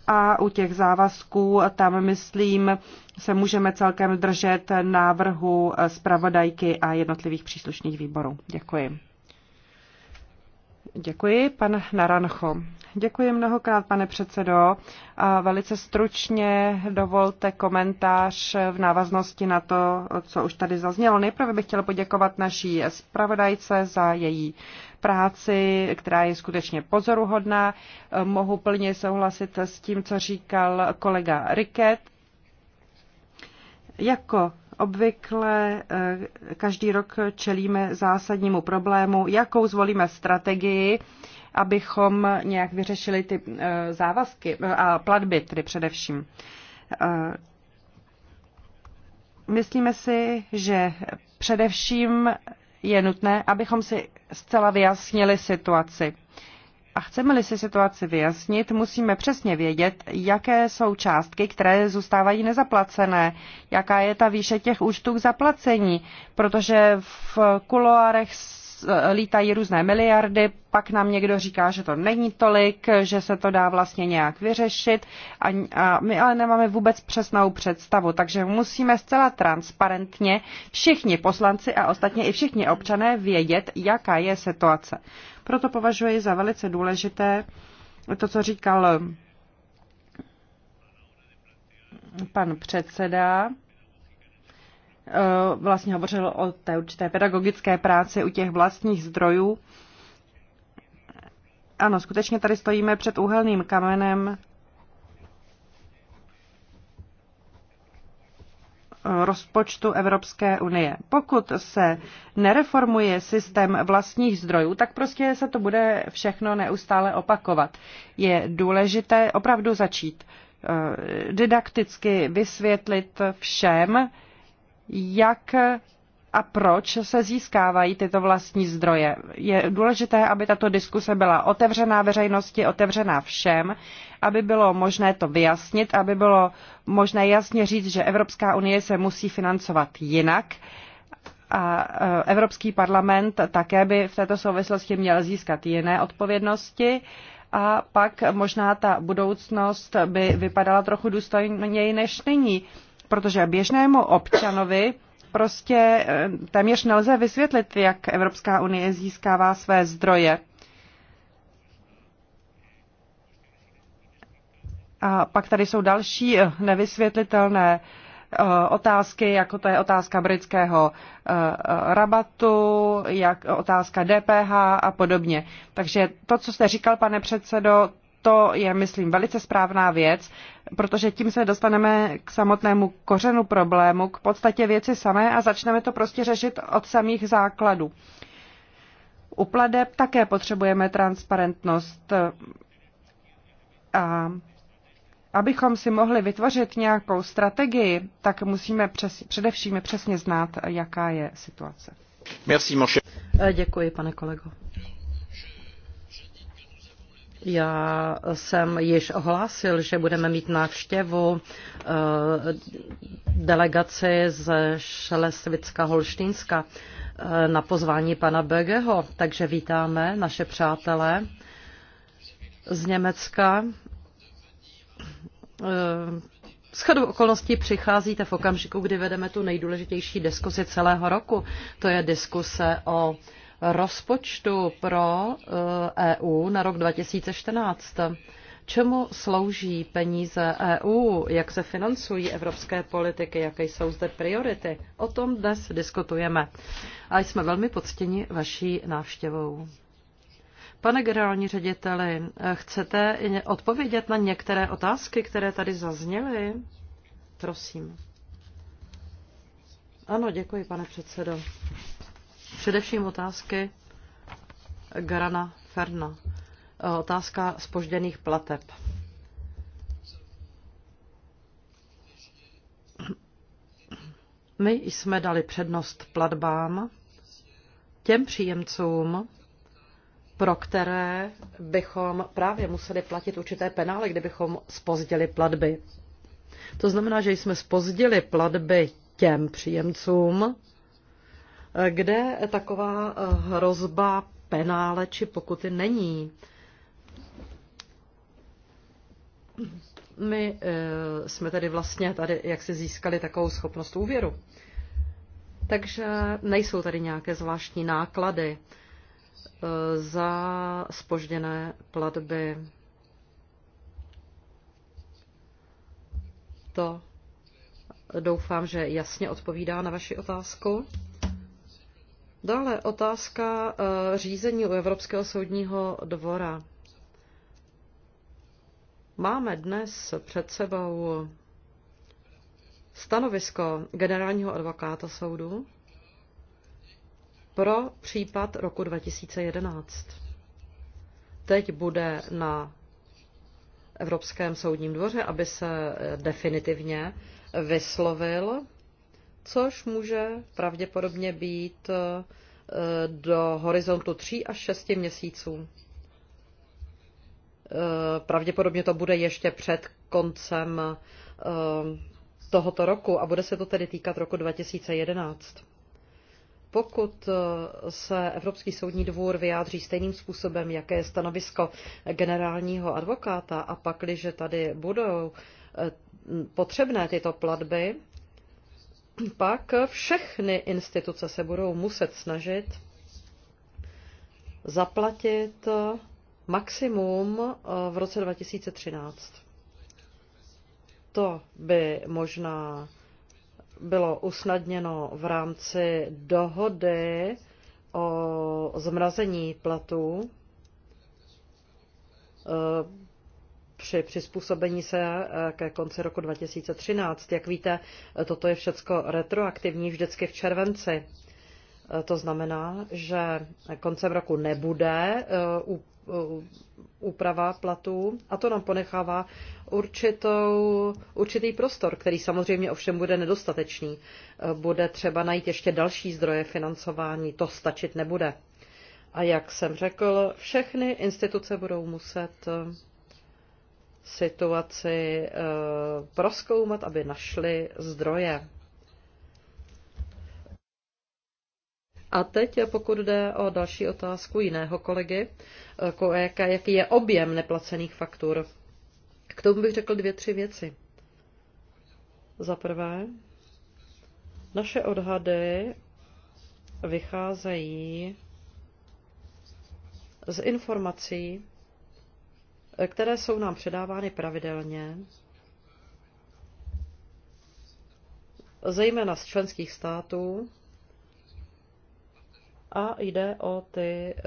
a u těch závazků tam, myslím, se můžeme celkem držet návrhu zpravodajky a jednotlivých příslušných výborů. Děkuji. Děkuji, pan Narancho. Děkuji mnohokrát, pane předsedo. A velice stručně dovolte komentář v návaznosti na to, co už tady zaznělo. Nejprve bych chtěla poděkovat naší zpravodajce za její práci, která je skutečně pozoruhodná. Mohu plně souhlasit s tím, co říkal kolega Riket. Jako Obvykle eh, každý rok čelíme zásadnímu problému, jakou zvolíme strategii, abychom nějak vyřešili ty eh, závazky eh, a platby tedy především. Myslíme si, že především je nutné, abychom si zcela vyjasnili situaci. A chceme-li si situaci vyjasnit, musíme přesně vědět, jaké jsou částky, které zůstávají nezaplacené, jaká je ta výše těch účtů k zaplacení, protože v kuloárech lítají různé miliardy, pak nám někdo říká, že to není tolik, že se to dá vlastně nějak vyřešit a, a my ale nemáme vůbec přesnou představu, takže musíme zcela transparentně všichni poslanci a ostatně i všichni občané vědět, jaká je situace. Proto považuji za velice důležité to, co říkal pan předseda, Eh, vlastně hovořil o té určité pedagogické práci u těch vlastních zdrojů. Ano, skutečně tady stojíme před úhelným kamenem eh, rozpočtu Evropské unie. Pokud se nereformuje systém vlastních zdrojů, tak prostě se to bude všechno neustále opakovat. Je důležité opravdu začít eh, didakticky vysvětlit všem, jak a proč se získávají tyto vlastní zdroje. Je důležité, aby tato diskuse byla otevřená veřejnosti, otevřená všem, aby bylo možné to vyjasnit, aby bylo možné jasně říct, že Evropská unie se musí financovat jinak. A e, Evropský parlament také by v této souvislosti měl získat jiné odpovědnosti a pak možná ta budoucnost by vypadala trochu důstojněji než nyní protože běžnému občanovi prostě eh, téměř nelze vysvětlit, jak Evropská unie získává své zdroje. A pak tady jsou další eh, nevysvětlitelné eh, otázky, jako to je otázka britského rabatu, jak otázka DPH a podobně. Takže to, co jste říkal, pane předsedo, to je, myslím, velice správná věc, protože tím se dostaneme k samotnému kořenu problému, k podstatě věci samé a začneme to prostě řešit od samých základů. U pladeb také potřebujeme transparentnost. A abychom si mohli vytvořit nějakou strategii, tak musíme přes, především přesně znát, jaká je situace. Merci, Děkuji, pane kolego. Já jsem již ohlásil, že budeme mít návštěvu eh, delegaci ze Šlesvicka Holštínska eh, na pozvání pana Begeho, takže vítáme naše přátelé z Německa. Eh, z chodu okolností přicházíte v okamžiku, kdy vedeme tu nejdůležitější diskusi celého roku. To je diskuse o rozpočtu pro EU eh, e na rok 2014. Čemu slouží peníze EU, jak se financují evropské politiky, jaké jsou zde priority? O tom dnes diskutujeme. A jsme velmi poctěni vaší návštěvou. Pane generální řediteli, chcete odpovědět na některé otázky, které tady zazněly? Prosím. Ano, děkuji, pane předsedo. Především otázky Garana Ferna. Eh, otázka spožděných plateb. My jsme dali přednost platbám těm příjemcům, pro které bychom právě museli platit určité penále, kdybychom spozdili platby. To znamená, že jsme spozdili platby těm příjemcům, kde taková eh, hrozba penále či pokuty není. My eh, jsme tedy vlastně tady, jak si získali takovou schopnost úvěru. Takže nejsou tady nějaké zvláštní náklady eh, za spožděné platby. To doufám, že jasně odpovídá na vaši otázku. Dále otázka eh, řízení u Evropského soudního dvora. Máme dnes před sebou stanovisko generálního advokáta soudu pro případ roku 2011. Teď bude na Evropském soudním dvoře, aby se definitivně vyslovil což může pravděpodobně být eh, do horizontu 3 až 6 měsíců. Eh, pravděpodobně to bude ještě před koncem eh, tohoto roku a bude se to tedy týkat roku 2011. Pokud se Evropský soudní dvůr vyjádří stejným způsobem, jaké je stanovisko generálního advokáta, a pak, když tady budou potřebné tyto platby, pak všechny instituce se budou muset snažit zaplatit maximum eh, v roce 2013. To by možná bylo usnadněno v rámci dohody o zmrazení platů eh, při přizpůsobení se eh, ke konci roku 2013. Jak víte, eh, toto je všecko retroaktivní vždycky v červenci. Eh, to znamená, že koncem roku nebude úprava platů a to nám ponechává určitou, určitý prostor, který samozřejmě ovšem bude nedostatečný. Bude třeba najít ještě další zdroje financování, to stačit nebude. A jak jsem řekl, všechny instituce budou muset situaci eh, proskoumat, aby našli zdroje. A teď, pokud jde o další otázku jiného kolegy, eh, jaký je objem neplacených faktur, k tomu bych řekl dvě, tři věci. Za prvé, naše odhady vycházejí z informací, které jsou nám předávány pravidelně, zejména z členských států, a jde o ty eh,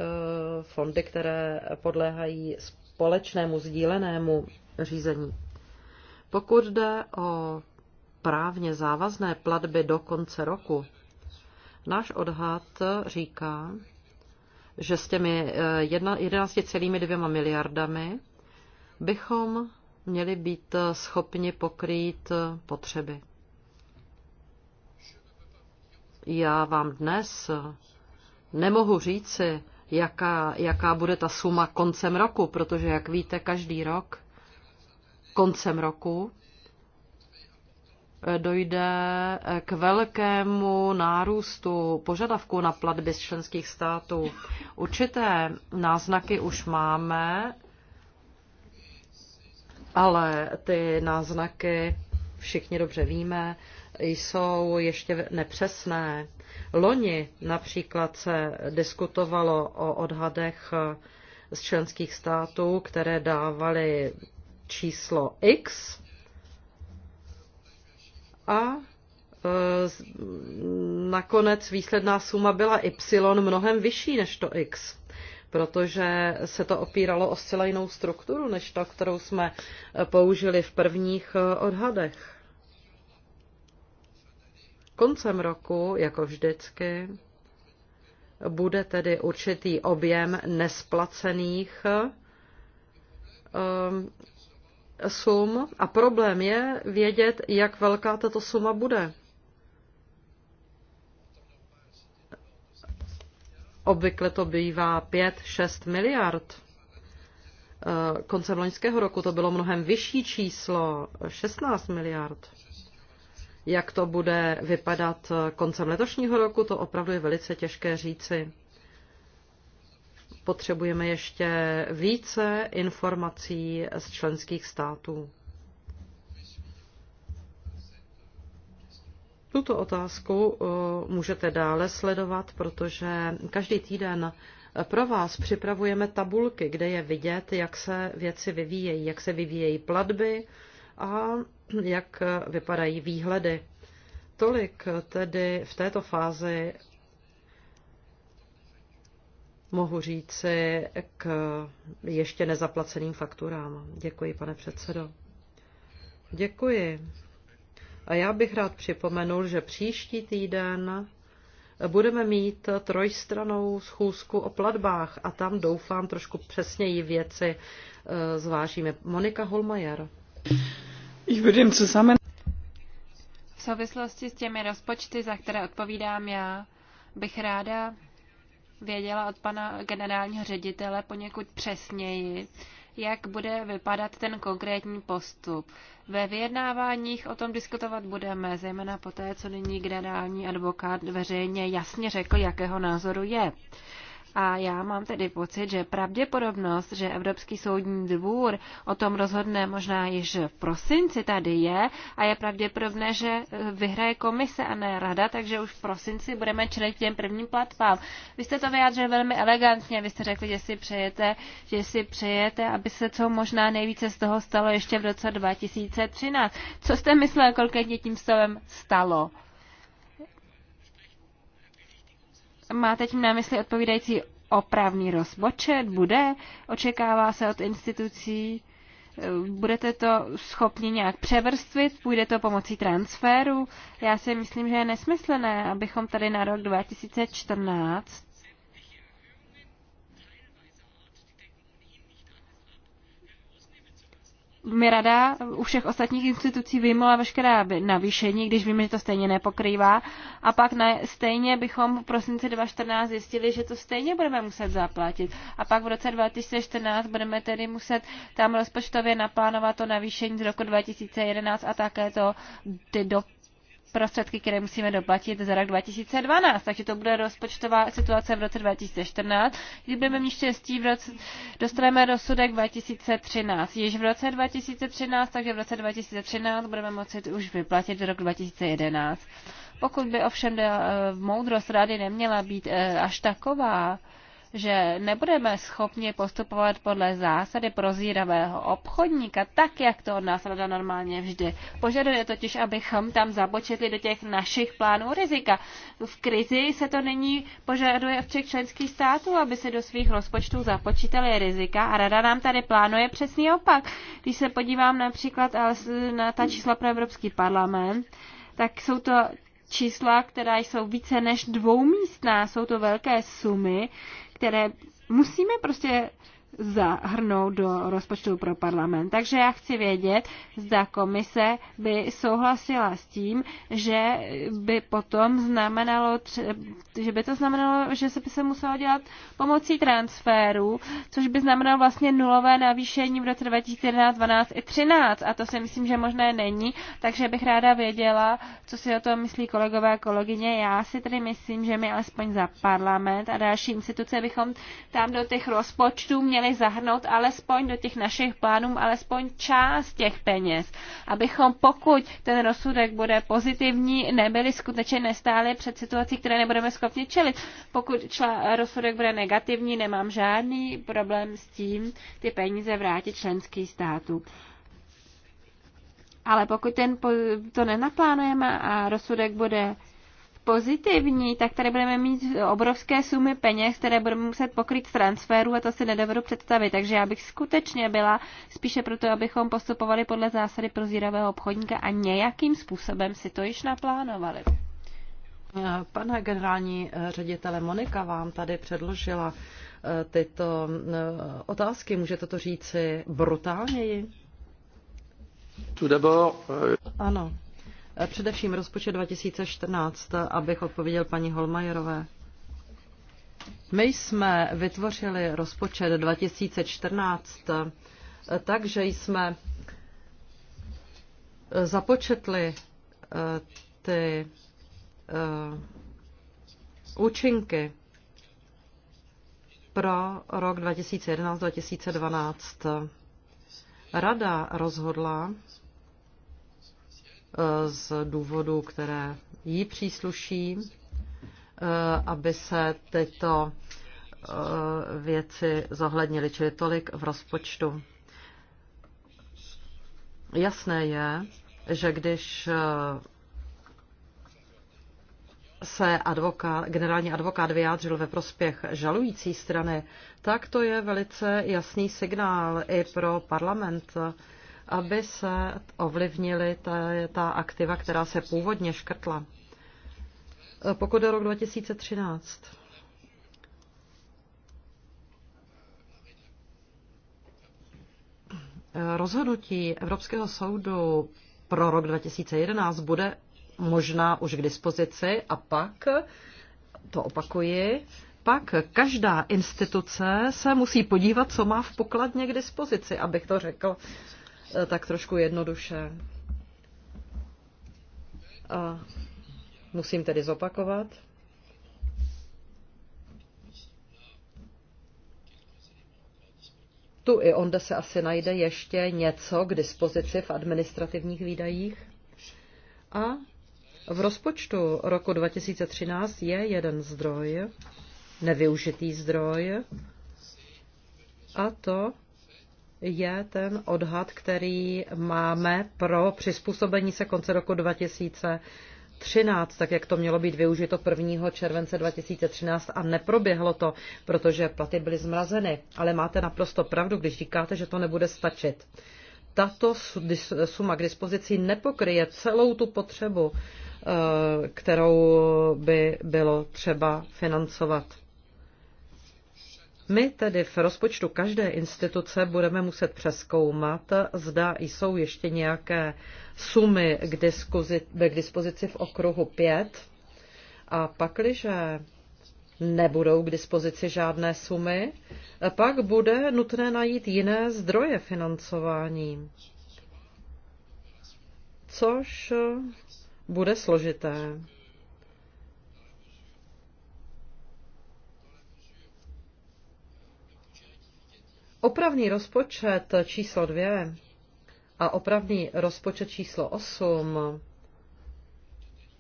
fondy, které podléhají společnému sdílenému řízení. Pokud jde o právně závazné platby do konce roku, náš odhad říká, že s těmi 11,2 eh, miliardami bychom měli být schopni pokrýt potřeby. Já vám dnes nemohu říci, jaká, jaká bude ta suma koncem roku, protože, jak víte, každý rok koncem roku eh, dojde eh, k velkému nárůstu požadavků na platby z členských států. Určité náznaky už máme ale ty náznaky všichni dobře víme, jsou ještě nepřesné. Loni například se diskutovalo o odhadech z členských států, které dávaly číslo X a e, nakonec výsledná suma byla Y mnohem vyšší než to X protože se to opíralo o zcela jinou strukturu, než ta, kterou jsme eh, použili v prvních eh, odhadech. Koncem roku, jako vždycky, bude tedy určitý objem nesplacených eh, sum a problém je vědět, jak velká tato suma bude. Obvykle to bývá 5-6 miliard. Eh, koncem loňského roku to bylo mnohem vyšší číslo, 16 miliard. Jak to bude vypadat eh, koncem letošního roku, to opravdu je velice těžké říci. Potřebujeme ještě více informací z členských států. Tuto otázku eh, můžete dále sledovat, protože každý týden pro vás připravujeme tabulky, kde je vidět, jak se věci vyvíjejí, jak se vyvíjejí platby a jak vypadají výhledy. Tolik tedy v této fázi mohu říci k ještě nezaplaceným fakturám. Děkuji, pane předsedo. Děkuji. A já bych rád připomenul, že příští týden budeme mít trojstranou schůzku o platbách a tam doufám trošku přesněji věci eh, zvážíme. Monika Holmajer. Ich würde im Zusammen v souvislosti s těmi rozpočty, za které odpovídám já, bych ráda věděla od pana generálního ředitele poněkud přesněji, jak bude vypadat ten konkrétní postup. Ve vyjednáváních o tom diskutovat budeme, zejména poté, co nyní generální advokát veřejně jasně řekl, jakého názoru je. A já mám tedy pocit, že pravděpodobnost, že Evropský soudní dvůr o tom rozhodne možná již v prosinci tady je a je pravděpodobné, že eh, vyhraje komise a ne rada, takže už v prosinci budeme čelit těm prvním platbám. Vy jste to vyjádřil velmi elegantně, vy jste řekli, že si přejete, že si přejete, aby se co možná nejvíce z toho stalo ještě v roce 2013. Co jste myslel konkrétně tím stavem stalo? Máte tím na mysli odpovídající opravný rozpočet? Bude? Očekává se od institucí? Budete to schopni nějak převrstvit? Půjde to pomocí transferu? Já si myslím, že je nesmyslné, abychom tady na rok 2014 mi rada u všech ostatních institucí vyjmula veškerá navýšení, když víme, že to stejně nepokrývá. A pak na, stejně bychom v prosinci 2014 zjistili, že to stejně budeme muset zaplatit. A pak v roce 2014 budeme tedy muset tam rozpočtově naplánovat to navýšení z roku 2011 a také to ty do prostředky, které musíme doplatit za rok 2012. Takže to bude rozpočtová situace v roce 2014. Kdybyme budeme mít štěstí, v roce, dostaneme rozsudek 2013. Již v roce 2013, takže v roce 2013 budeme moci už vyplatit do roku 2011. Pokud by ovšem eh, moudrost rady neměla být eh, až taková, že nebudeme schopni postupovat podle zásady prozíravého obchodníka, tak jak to od nás rada normálně vždy požaduje, totiž abychom tam započetli do těch našich plánů rizika. V krizi se to nyní požaduje v všech členských států, aby se do svých rozpočtů započítali rizika a rada nám tady plánuje přesný opak. Když se podívám například na ta čísla pro Evropský parlament, tak jsou to čísla, která jsou více než dvoumístná, jsou to velké sumy, které musíme prostě zahrnout do rozpočtu pro parlament. Takže já chci vědět, zda komise by souhlasila s tím, že by potom znamenalo, že by to znamenalo, že se by se muselo dělat pomocí transferu, což by znamenalo vlastně nulové navýšení v roce 2011, 12 i 13 a to si myslím, že možné není, takže bych ráda věděla, co si o tom myslí kolegové a kolegyně. Já si tedy myslím, že my alespoň za parlament a další instituce bychom tam do těch rozpočtů měli měli zahrnout alespoň do těch našich plánů alespoň část těch peněz, abychom pokud ten rozsudek bude pozitivní, nebyli skutečně nestáli před situací, které nebudeme schopni čelit. Pokud čla, rozsudek bude negativní, nemám žádný problém s tím ty peníze vrátit členský státu. Ale pokud ten, to nenaplánujeme a rozsudek bude pozitivní, tak tady budeme mít obrovské sumy peněz, které budeme muset pokryt z transferu a to si nedovedu představit. Takže já bych skutečně byla spíše proto, abychom postupovali podle zásady prozíravého obchodníka a nějakým způsobem si to již naplánovali. Eh, Pane generální eh, ředitele, Monika vám tady předložila eh, tyto otázky. Můžete to říci brutálněji? Ano. Eh, především rozpočet 2014, eh, abych odpověděl paní Holmajerové. My jsme vytvořili rozpočet 2014 eh, takže jsme započetli ty účinky pro rok 2011-2012. Rada rozhodla, Eh, z důvodů, které jí přísluší, eh, aby se tyto eh, věci zohlednily, čili tolik v rozpočtu. Jasné je, že když se advokát, generální advokát vyjádřil ve prospěch žalující strany, tak to je velice jasný signál i pro parlament, aby se ovlivnily ta, ta aktiva, která se původně škrtla. Pokud do rok 2013, rozhodnutí Evropského soudu pro rok 2011 bude možná už k dispozici a pak, to opakuji, pak každá instituce se musí podívat, co má v pokladně k dispozici, abych to řekl Eh, tak trošku jednoduše. A musím tedy zopakovat. Tu i onde se asi najde ještě něco k dispozici v administrativních výdajích. A v rozpočtu roku 2013 je jeden zdroj, nevyužitý zdroj, a to je ten odhad, který máme pro přizpůsobení se konce roku 2013, tak jak to mělo být využito 1. července 2013 a neproběhlo to, protože platy byly zmrazeny. Ale máte naprosto pravdu, když říkáte, že to nebude stačit. Tato suma k dispozici nepokryje celou tu potřebu, eh, kterou by bylo třeba financovat. My tedy v rozpočtu každé instituce budeme muset přeskoumat, zda jsou ještě nějaké sumy k, diskuzi, k dispozici v okruhu 5 a pakliže nebudou k dispozici žádné sumy, pak bude nutné najít jiné zdroje financování, což bude složité. Opravný rozpočet číslo 2 a opravný rozpočet číslo 8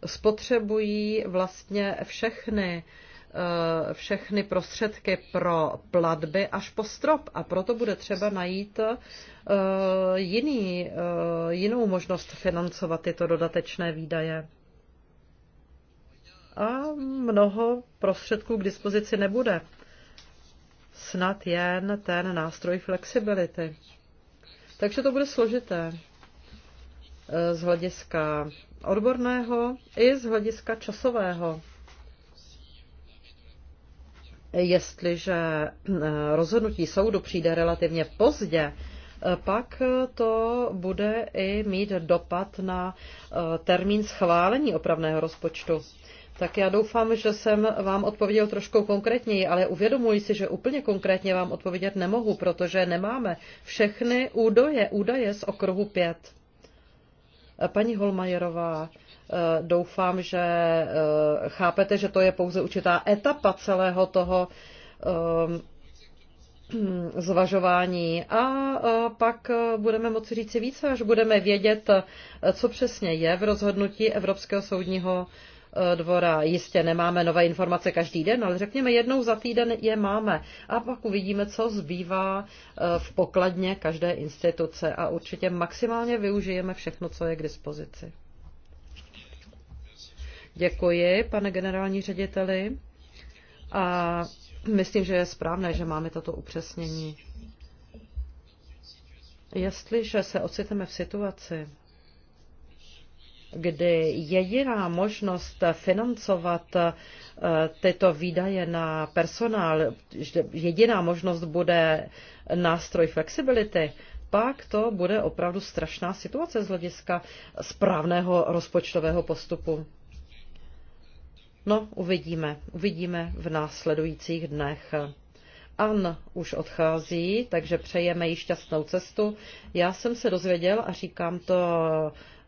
spotřebují vlastně všechny eh, všechny prostředky pro platby až po strop a proto bude třeba najít eh, jiný, eh, jinou možnost financovat tyto dodatečné výdaje. A mnoho prostředků k dispozici nebude snad jen ten nástroj flexibility. Takže to bude složité eh, z hlediska odborného i z hlediska časového. Jestliže eh, rozhodnutí soudu přijde relativně pozdě, eh, pak to bude i mít dopad na termín schválení opravného rozpočtu. Tak já doufám, že jsem vám odpověděl trošku konkrétněji, ale uvědomuji si, že úplně konkrétně vám odpovědět nemohu, protože nemáme všechny údaje, údaje z okruhu 5. Paní Holmajerová, eh, doufám, že eh, chápete, že to je pouze určitá etapa celého toho eh, zvažování a pak budeme moci říct si více, až budeme vědět, co přesně je v rozhodnutí Evropského soudního Eh, dvora. Jistě nemáme nové informace každý den, ale řekněme jednou za týden je máme. A pak uvidíme, co zbývá eh, v pokladně každé instituce. A určitě maximálně využijeme všechno, co je k dispozici. Děkuji, pane generální řediteli. A myslím, že je správné, že máme toto upřesnění. Jestliže se ocitneme v situaci, kdy jediná možnost financovat eh, tyto výdaje na personál, jediná možnost bude nástroj flexibility, pak to bude opravdu strašná situace z hlediska správného rozpočtového postupu. No, uvidíme. Uvidíme v následujících dnech. An už odchází, takže přejeme jí šťastnou cestu. Já jsem se dozvěděl a říkám to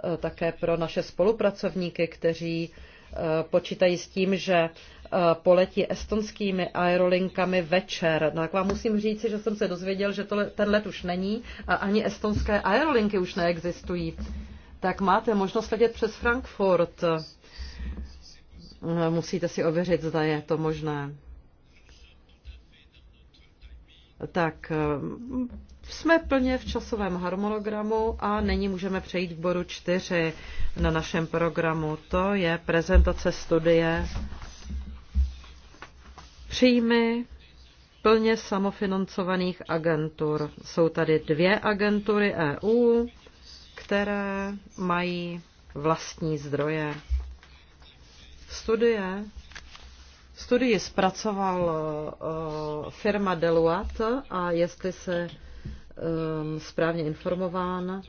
Eh, také pro naše spolupracovníky, kteří eh, počítají s tím, že eh, poletí estonskými aerolinkami večer. No tak vám musím říct, že jsem se dozvěděl, že to, ten let už není a ani estonské aerolinky už neexistují. Tak máte možnost letět přes Frankfurt. Musíte si ověřit, zda je to možné. Tak jsme plně v časovém harmonogramu a nyní můžeme přejít k bodu 4 na našem programu. To je prezentace studie Příjmy plně samofinancovaných agentur. Jsou tady dvě agentury EU, které mají vlastní zdroje. Studie. Studii zpracoval eh, firma Deluat a jestli se Um, správně informován.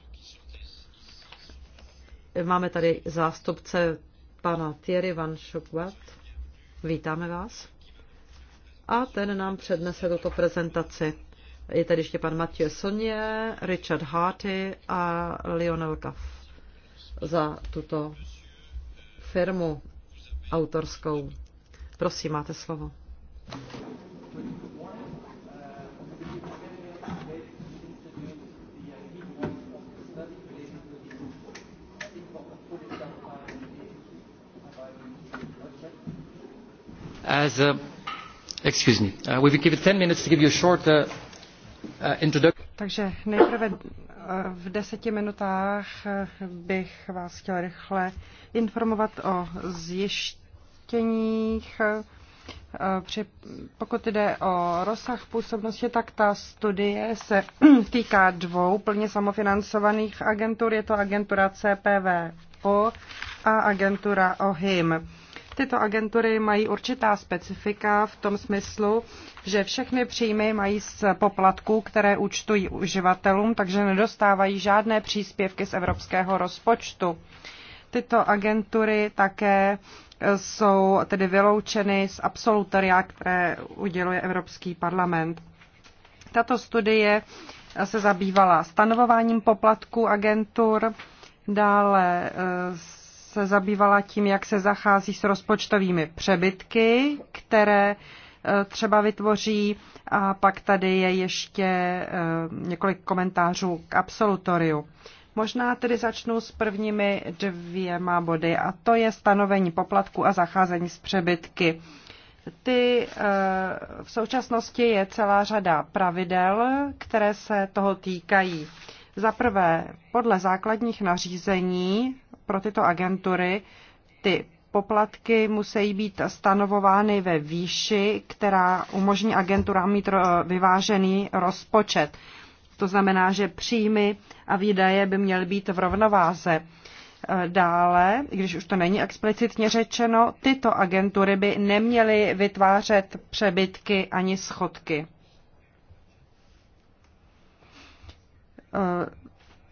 Máme tady zástupce pana Thierry Van Schokwad. Vítáme vás. A ten nám přednese tuto prezentaci. Je tady ještě pan Matěj Soně, Richard Harty a Lionel Kaff za tuto firmu autorskou. Prosím, máte slovo. as a, excuse me, uh, we will give 10 minutes to give you a short uh, uh, introduction. Takže nejprve v deseti minutách bych vás chtěl rychle informovat o zjištěních. Při, pokud jde o rozsah působnosti, tak ta studie se týká dvou plně samofinancovaných agentur. Je to agentura CPVO a agentura OHIM. Tyto agentury mají určitá specifika v tom smyslu, že všechny příjmy mají z poplatků, které účtují uživatelům, takže nedostávají žádné příspěvky z evropského rozpočtu. Tyto agentury také eh, jsou tedy vyloučeny z absolutoria, které uděluje Evropský parlament. Tato studie se zabývala stanovováním poplatků agentur, dále eh, se zabývala tím, jak se zachází s rozpočtovými přebytky, které e, třeba vytvoří. A pak tady je ještě e, několik komentářů k absolutoriu. Možná tedy začnu s prvními dvěma body, a to je stanovení poplatku a zacházení s přebytky. Ty e, v současnosti je celá řada pravidel, které se toho týkají. Za prvé, podle základních nařízení pro tyto agentury ty poplatky musí být stanovovány ve výši, která umožní agenturám mít vyvážený rozpočet. To znamená, že příjmy a výdaje by měly být v rovnováze. Dále, když už to není explicitně řečeno, tyto agentury by neměly vytvářet přebytky ani schodky.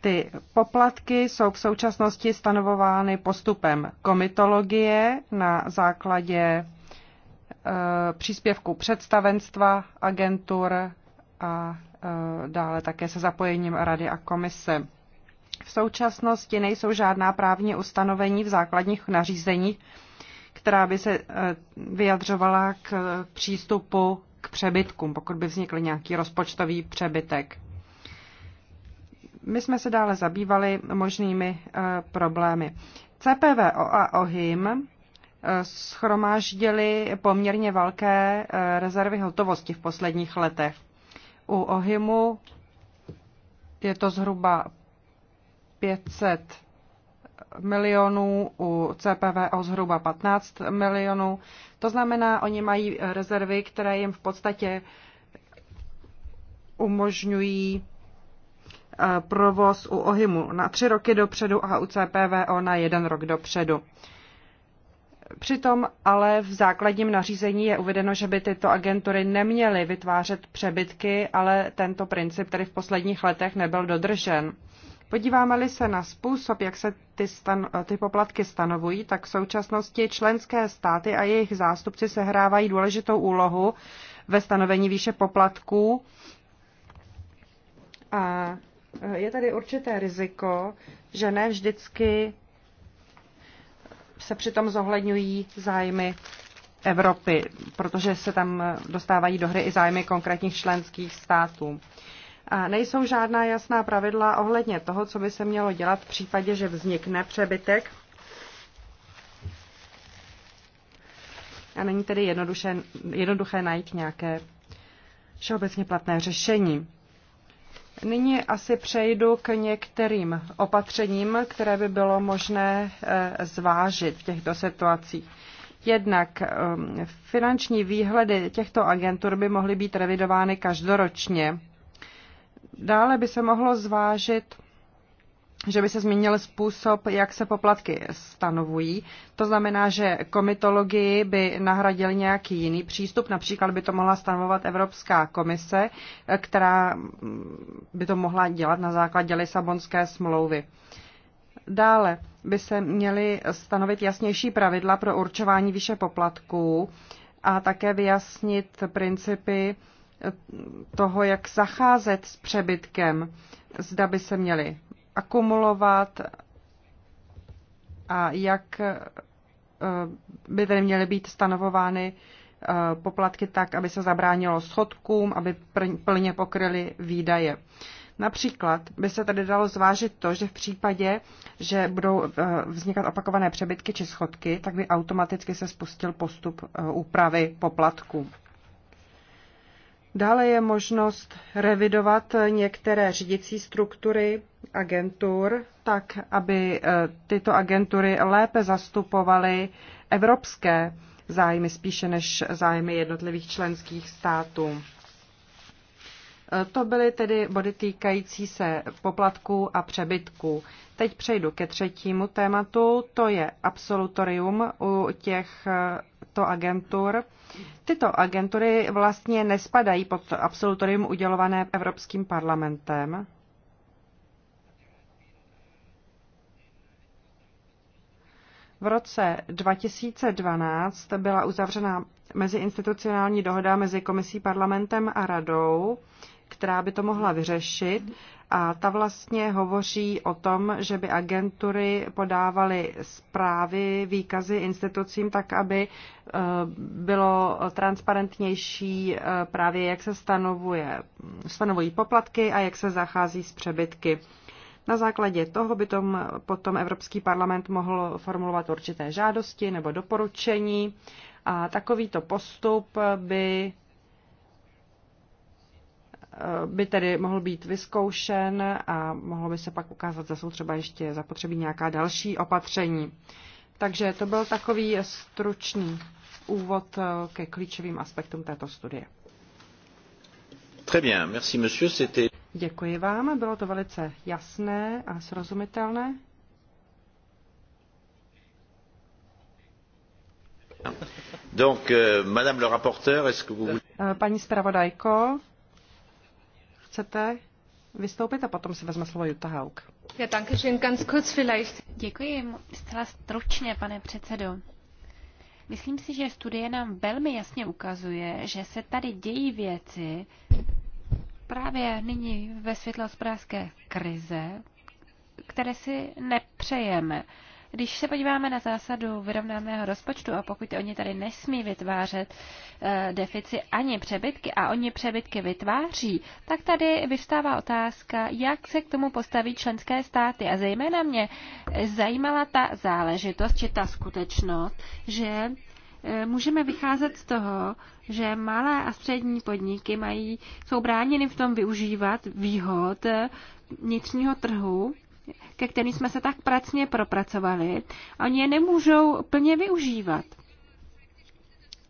Ty poplatky jsou v současnosti stanovovány postupem komitologie na základě e, příspěvku představenstva, agentur a e, dále také se zapojením rady a komise. V současnosti nejsou žádná právní ustanovení v základních nařízeních, která by se e, vyjadřovala k přístupu k přebytkům, pokud by vznikl nějaký rozpočtový přebytek. My jsme se dále zabývali možnými eh, problémy. CPVO a OHIM eh, schromáždili poměrně velké eh, rezervy hotovosti v posledních letech. U OHIMu je to zhruba 500 milionů, u CPVO zhruba 15 milionů. To znamená, oni mají rezervy, které jim v podstatě umožňují Eh, provoz u Ohimu na tři roky dopředu a u CPVO na jeden rok dopředu. Přitom ale v základním nařízení je uvedeno, že by tyto agentury neměly vytvářet přebytky, ale tento princip tedy v posledních letech nebyl dodržen. Podíváme-li se na způsob, jak se ty, stan- eh, ty poplatky stanovují, tak v současnosti členské státy a jejich zástupci sehrávají důležitou úlohu ve stanovení výše poplatků. A eh, je tady určité riziko, že ne vždycky se přitom zohledňují zájmy Evropy, protože se tam dostávají do hry i zájmy konkrétních členských států. A nejsou žádná jasná pravidla ohledně toho, co by se mělo dělat v případě, že vznikne přebytek. A není tedy jednoduše, jednoduché najít nějaké všeobecně platné řešení. Nyní asi přejdu k některým opatřením, které by bylo možné eh, zvážit v těchto situacích. Jednak ehm, finanční výhledy těchto agentur by mohly být revidovány každoročně. Dále by se mohlo zvážit že by se změnil způsob, jak se poplatky stanovují. To znamená, že komitologii by nahradil nějaký jiný přístup, například by to mohla stanovovat Evropská komise, která mm, by to mohla dělat na základě Lisabonské smlouvy. Dále by se měly stanovit jasnější pravidla pro určování výše poplatků a také vyjasnit principy toho, jak zacházet s přebytkem zda by se měly akumulovat a jak eh, by tedy měly být stanovovány eh, poplatky tak, aby se zabránilo schodkům, aby plně pokryly výdaje. Například by se tady dalo zvážit to, že v případě, že budou eh, vznikat opakované přebytky či schodky, tak by automaticky se spustil postup úpravy poplatků. Dále je možnost revidovat některé řídicí struktury agentur, tak aby e, tyto agentury lépe zastupovaly evropské zájmy spíše než zájmy jednotlivých členských států. To byly tedy body týkající se poplatků a přebytků. Teď přejdu ke třetímu tématu, to je absolutorium u těchto eh, agentur. Tyto agentury vlastně nespadají pod absolutorium udělované Evropským parlamentem. V roce 2012 byla uzavřena meziinstitucionální dohoda mezi komisí, parlamentem a radou která by to mohla vyřešit. A ta vlastně hovoří o tom, že by agentury podávaly zprávy, výkazy institucím tak, aby eh, bylo transparentnější eh, právě, jak se stanovuje, stanovují poplatky a jak se zachází s přebytky. Na základě toho by tom, potom Evropský parlament mohl formulovat určité žádosti nebo doporučení a takovýto postup by Eh, by tedy mohl být vyzkoušen a mohlo by se pak ukázat, zda jsou třeba ještě zapotřebí nějaká další opatření. Takže to byl takový stručný úvod eh, ke klíčovým aspektům této studie. Děkuji vám, bylo to velice jasné a srozumitelné. Donc, euh, madame le rapporteur, est-ce que vous eh, Paní zpravodajko, chcete vystoupit a potom si vezme slovo Jutta Haug. Ja, danke schön, ganz kurz vielleicht. Děkuji, zcela stručně, pane předsedo. Myslím si, že studie nám velmi jasně ukazuje, že se tady dějí věci právě nyní ve světle hospodářské krize, které si nepřejeme. Když se podíváme na zásadu vyrovnaného rozpočtu a pokud oni tady nesmí vytvářet eh, defici ani přebytky a oni přebytky vytváří, tak tady vyvstává otázka, jak se k tomu postaví členské státy. A zejména mě eh, zajímala ta záležitost, či ta skutečnost, že eh, můžeme vycházet z toho, že malé a střední podniky mají, jsou bráněny v tom využívat výhod vnitřního trhu ke kterým jsme se tak pracně propracovali, oni je nemůžou plně využívat.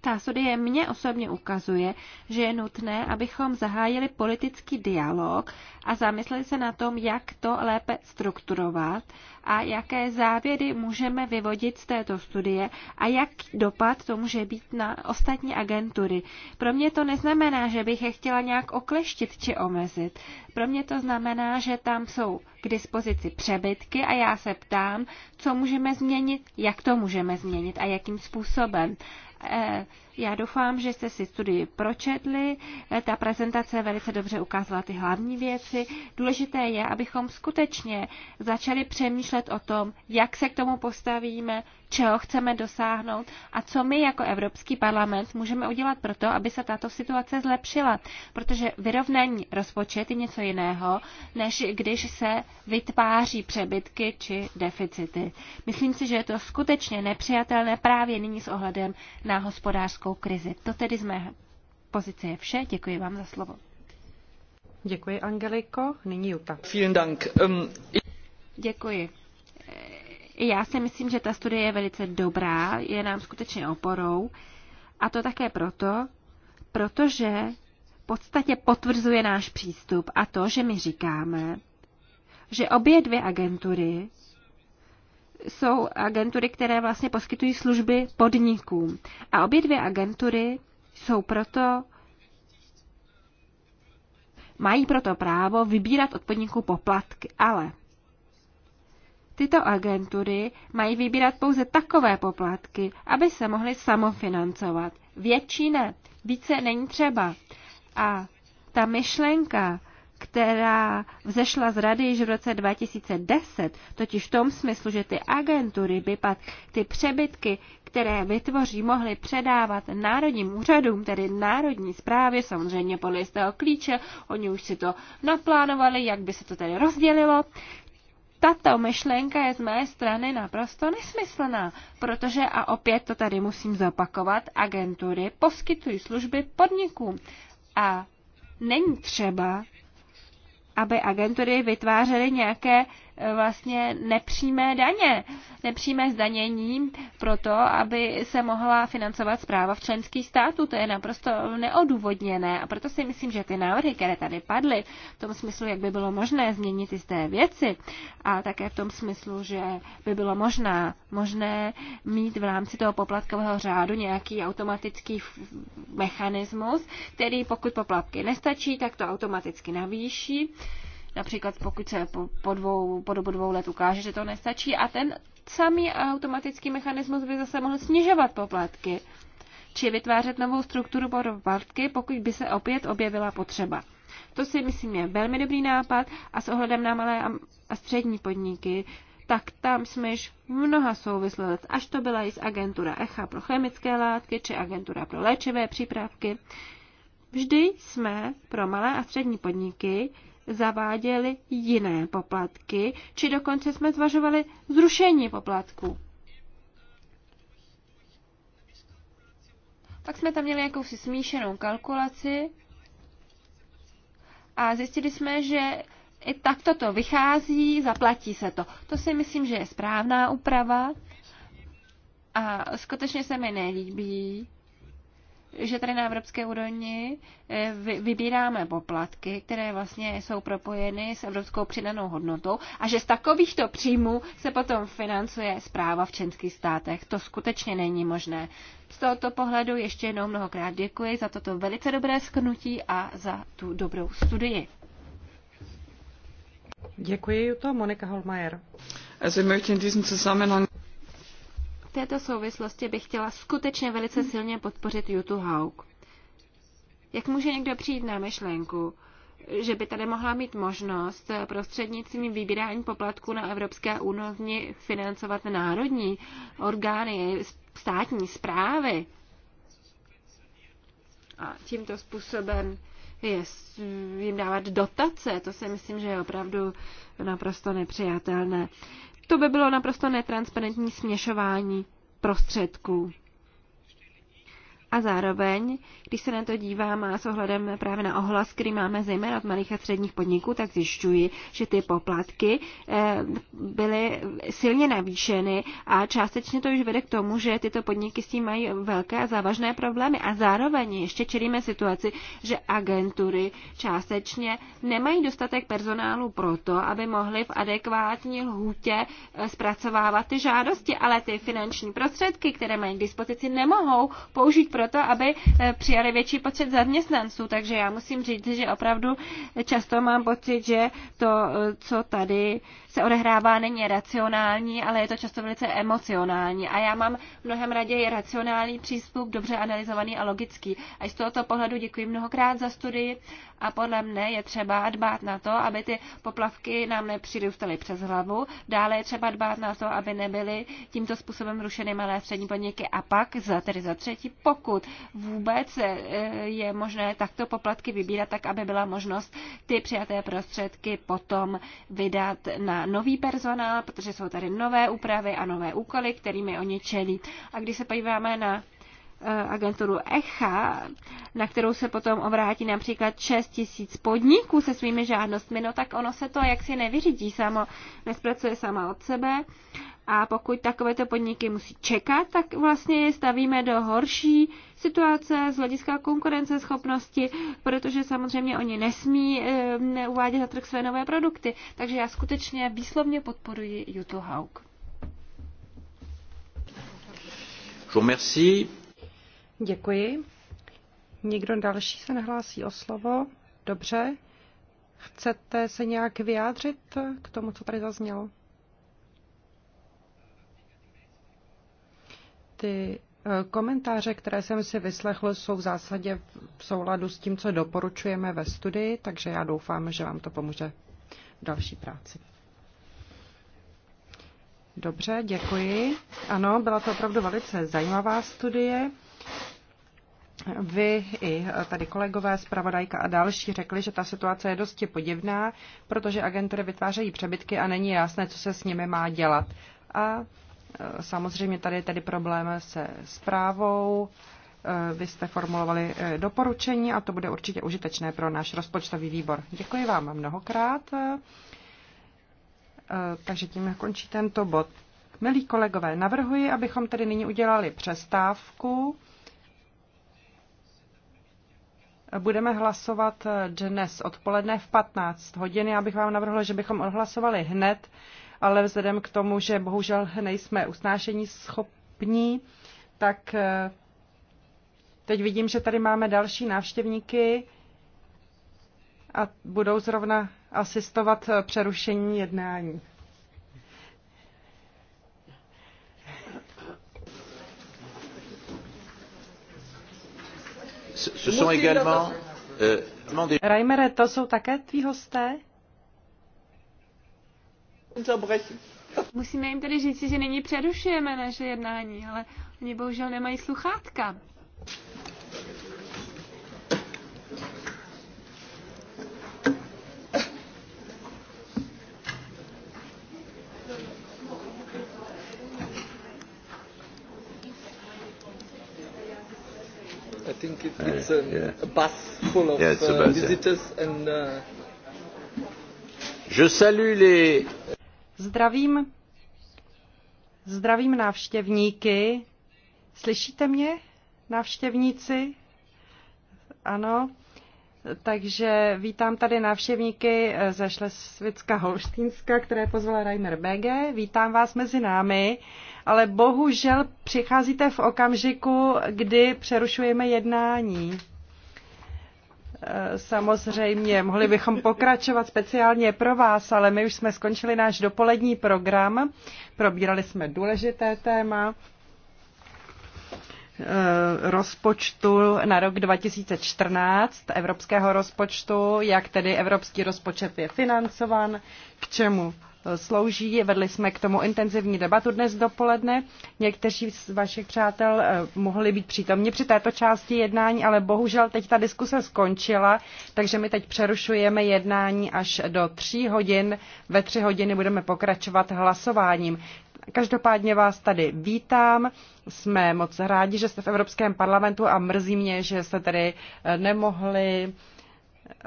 Ta studie mě osobně ukazuje, že je nutné, abychom zahájili politický dialog a zamysleli se na tom, jak to lépe strukturovat a jaké závěry můžeme vyvodit z této studie a jak dopad to může být na ostatní agentury. Pro mě to neznamená, že bych je chtěla nějak okleštit či omezit. Pro mě to znamená, že tam jsou k dispozici přebytky a já se ptám, co můžeme změnit, jak to můžeme změnit a jakým způsobem eh, já doufám, že jste si studii pročetli. Eh, ta prezentace velice dobře ukázala ty hlavní věci. Důležité je, abychom skutečně začali přemýšlet o tom, jak se k tomu postavíme, čeho chceme dosáhnout a co my jako Evropský parlament můžeme udělat pro to, aby se tato situace zlepšila. Protože vyrovnaný rozpočet je něco jiného, než když se vytváří přebytky či deficity. Myslím si, že je to skutečně nepřijatelné právě nyní s ohledem na hospodářskou hospodářskou krizi. To tedy z mé pozice je vše. Děkuji vám za slovo. Děkuji, Angeliko. Nyní Juta. Vielen Dank. Um, Děkuji. Já si myslím, že ta studie je velice dobrá, je nám skutečně oporou. A to také proto, protože v podstatě potvrzuje náš přístup a to, že my říkáme, že obě dvě agentury jsou agentury, které vlastně poskytují služby podnikům. A obě dvě agentury jsou proto mají proto právo vybírat od podniků poplatky, ale tyto agentury mají vybírat pouze takové poplatky, aby se mohly samofinancovat. Větší ne, více není třeba. A ta myšlenka, která vzešla z rady již v roce 2010, totiž v tom smyslu, že ty agentury by pak ty přebytky, které vytvoří, mohly předávat národním úřadům, tedy národní správě, samozřejmě podle jistého klíče, oni už si to naplánovali, jak by se to tedy rozdělilo. Tato myšlenka je z mé strany naprosto nesmyslná, protože, a opět to tady musím zopakovat, agentury poskytují služby podnikům a není třeba aby agentury vytvářely nějaké vlastně nepřímé daně, nepřímé zdanění pro to, aby se mohla financovat zpráva v členských států. To je naprosto neodůvodněné a proto si myslím, že ty návrhy, které tady padly, v tom smyslu, jak by bylo možné změnit té věci a také v tom smyslu, že by bylo možná, možné mít v rámci toho poplatkového řádu nějaký automatický mechanismus, který pokud poplatky nestačí, tak to automaticky navýší. Například pokud se po, po, dvou, po dobu dvou let ukáže, že to nestačí a ten samý automatický mechanismus by zase mohl snižovat poplatky či vytvářet novou strukturu pro poplatky, pokud by se opět objevila potřeba. To si myslím je velmi dobrý nápad a s ohledem na malé a střední podniky, tak tam jsme již mnoha souvislost, až to byla i z agentura ECHA pro chemické látky či agentura pro léčivé přípravky. Vždy jsme pro malé a střední podniky zaváděli jiné poplatky, či dokonce jsme zvažovali zrušení poplatků. Pak jsme tam měli jakousi smíšenou kalkulaci a zjistili jsme, že i takto to vychází, zaplatí se to. To si myslím, že je správná úprava a skutečně se mi nelíbí, že tady na evropské úrovni eh, vybíráme poplatky, které vlastně jsou propojeny s evropskou přidanou hodnotou a že z takovýchto příjmů se potom financuje zpráva v členských státech. To skutečně není možné. Z tohoto pohledu ještě jednou mnohokrát děkuji za toto velice dobré sknutí a za tu dobrou studii. Děkuji, to Monika Holmajer. Also ich möchte in diesem Zusammenhang této souvislosti bych chtěla skutečně velice silně podpořit Jutu Hauk. Jak může někdo přijít na myšlenku, že by tady mohla mít možnost prostřednictvím vybírání poplatků na evropské úrovni financovat národní orgány, státní zprávy? A tímto způsobem je, jim dávat dotace, to si myslím, že je opravdu naprosto nepřijatelné. To by bylo naprosto netransparentní směšování prostředků. A zároveň, když se na to dívám a s ohledem právě na ohlas, který máme zejména od malých a středních podniků, tak zjišťuji, že ty poplatky eh, byly silně navýšeny a částečně to už vede k tomu, že tyto podniky s tím mají velké a závažné problémy. A zároveň ještě čelíme situaci, že agentury částečně nemají dostatek personálu proto, aby mohly v adekvátní lhůtě eh, zpracovávat ty žádosti, ale ty finanční prostředky, které mají k dispozici, nemohou použít pro proto, aby eh, přijali větší počet zaměstnanců. Takže já musím říct, že opravdu často mám pocit, že to, eh, co tady se odehrává, není racionální, ale je to často velice emocionální. A já mám mnohem raději racionální přístup, dobře analyzovaný a logický. A z tohoto pohledu děkuji mnohokrát za studii a podle mne je třeba dbát na to, aby ty poplavky nám nepřirůstaly přes hlavu. Dále je třeba dbát na to, aby nebyly tímto způsobem rušeny malé a střední podniky. A pak, za, tedy za třetí, pokud vůbec e, je možné takto poplatky vybírat, tak aby byla možnost ty přijaté prostředky potom vydat na nový personál, protože jsou tady nové úpravy a nové úkoly, kterými oni čelí. A když se podíváme na eh, agenturu ECHA, na kterou se potom obrátí například 6 tisíc podniků se svými žádnostmi, no tak ono se to jaksi nevyřídí samo, nespracuje sama od sebe a pokud takovéto podniky musí čekat, tak vlastně je stavíme do horší situace z hlediska konkurenceschopnosti, protože samozřejmě oni nesmí e, uvádět na trh své nové produkty. Takže já skutečně výslovně podporuji Jutu Haug. Děkuji. Nikdo další se nehlásí o slovo? Dobře. Chcete se nějak vyjádřit k tomu, co tady zaznělo? ty eh, komentáře, které jsem si vyslechl, jsou v zásadě v souladu s tím, co doporučujeme ve studii, takže já doufám, že vám to pomůže v další práci. Dobře, děkuji. Ano, byla to opravdu velice zajímavá studie. Vy i eh, tady kolegové, zpravodajka a další řekli, že ta situace je dosti podivná, protože agentury vytvářejí přebytky a není jasné, co se s nimi má dělat. A Eh, samozřejmě tady je tedy problém se zprávou. Eh, vy jste formulovali eh, doporučení a to bude určitě užitečné pro náš rozpočtový výbor. Děkuji vám mnohokrát. Takže tím končí tento bod. Milí kolegové, navrhuji, abychom tedy nyní udělali přestávku. Budeme hlasovat dnes odpoledne v 15 hodin. Já bych vám navrhla, že bychom odhlasovali hned ale vzhledem k tomu, že bohužel nejsme usnášení schopní, tak eh, teď vidím, že tady máme další návštěvníky a budou zrovna asistovat eh, přerušení jednání. Ce sont également... Euh, Reimere, to jsou také tví hosté? Unterbrechen. Musíme jim tedy říct, že nyní přerušujeme naše jednání, ale oni bohužel nemají sluchátka. I think it, it's a, a bus full of yeah, uh, visitors and. Uh... Je salue les. Zdravím, zdravím návštěvníky. Slyšíte mě, návštěvníci? Ano. Takže vítám tady návštěvníky eh, ze Šlesvicka Holštínska, které pozvala Reimer BG. Vítám vás mezi námi, ale bohužel přicházíte v okamžiku, kdy přerušujeme jednání. Eh, samozřejmě. Mohli bychom pokračovat speciálně pro vás, ale my už jsme skončili náš dopolední program. Probírali jsme důležité téma eh, rozpočtu na rok 2014, evropského rozpočtu, jak tedy evropský rozpočet je financovan, k čemu slouží. Vedli jsme k tomu intenzivní debatu dnes dopoledne. Někteří z vašich přátel eh, mohli být přítomni při této části jednání, ale bohužel teď ta diskuse skončila, takže my teď přerušujeme jednání až do tří hodin. Ve tři hodiny budeme pokračovat hlasováním. Každopádně vás tady vítám. Jsme moc rádi, že jste v Evropském parlamentu a mrzí mě, že jste tady eh, nemohli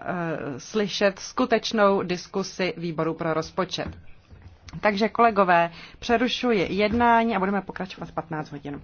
Eh, slyšet skutečnou diskusi výboru pro rozpočet. Takže kolegové, přerušuji jednání a budeme pokračovat v 15 hodin.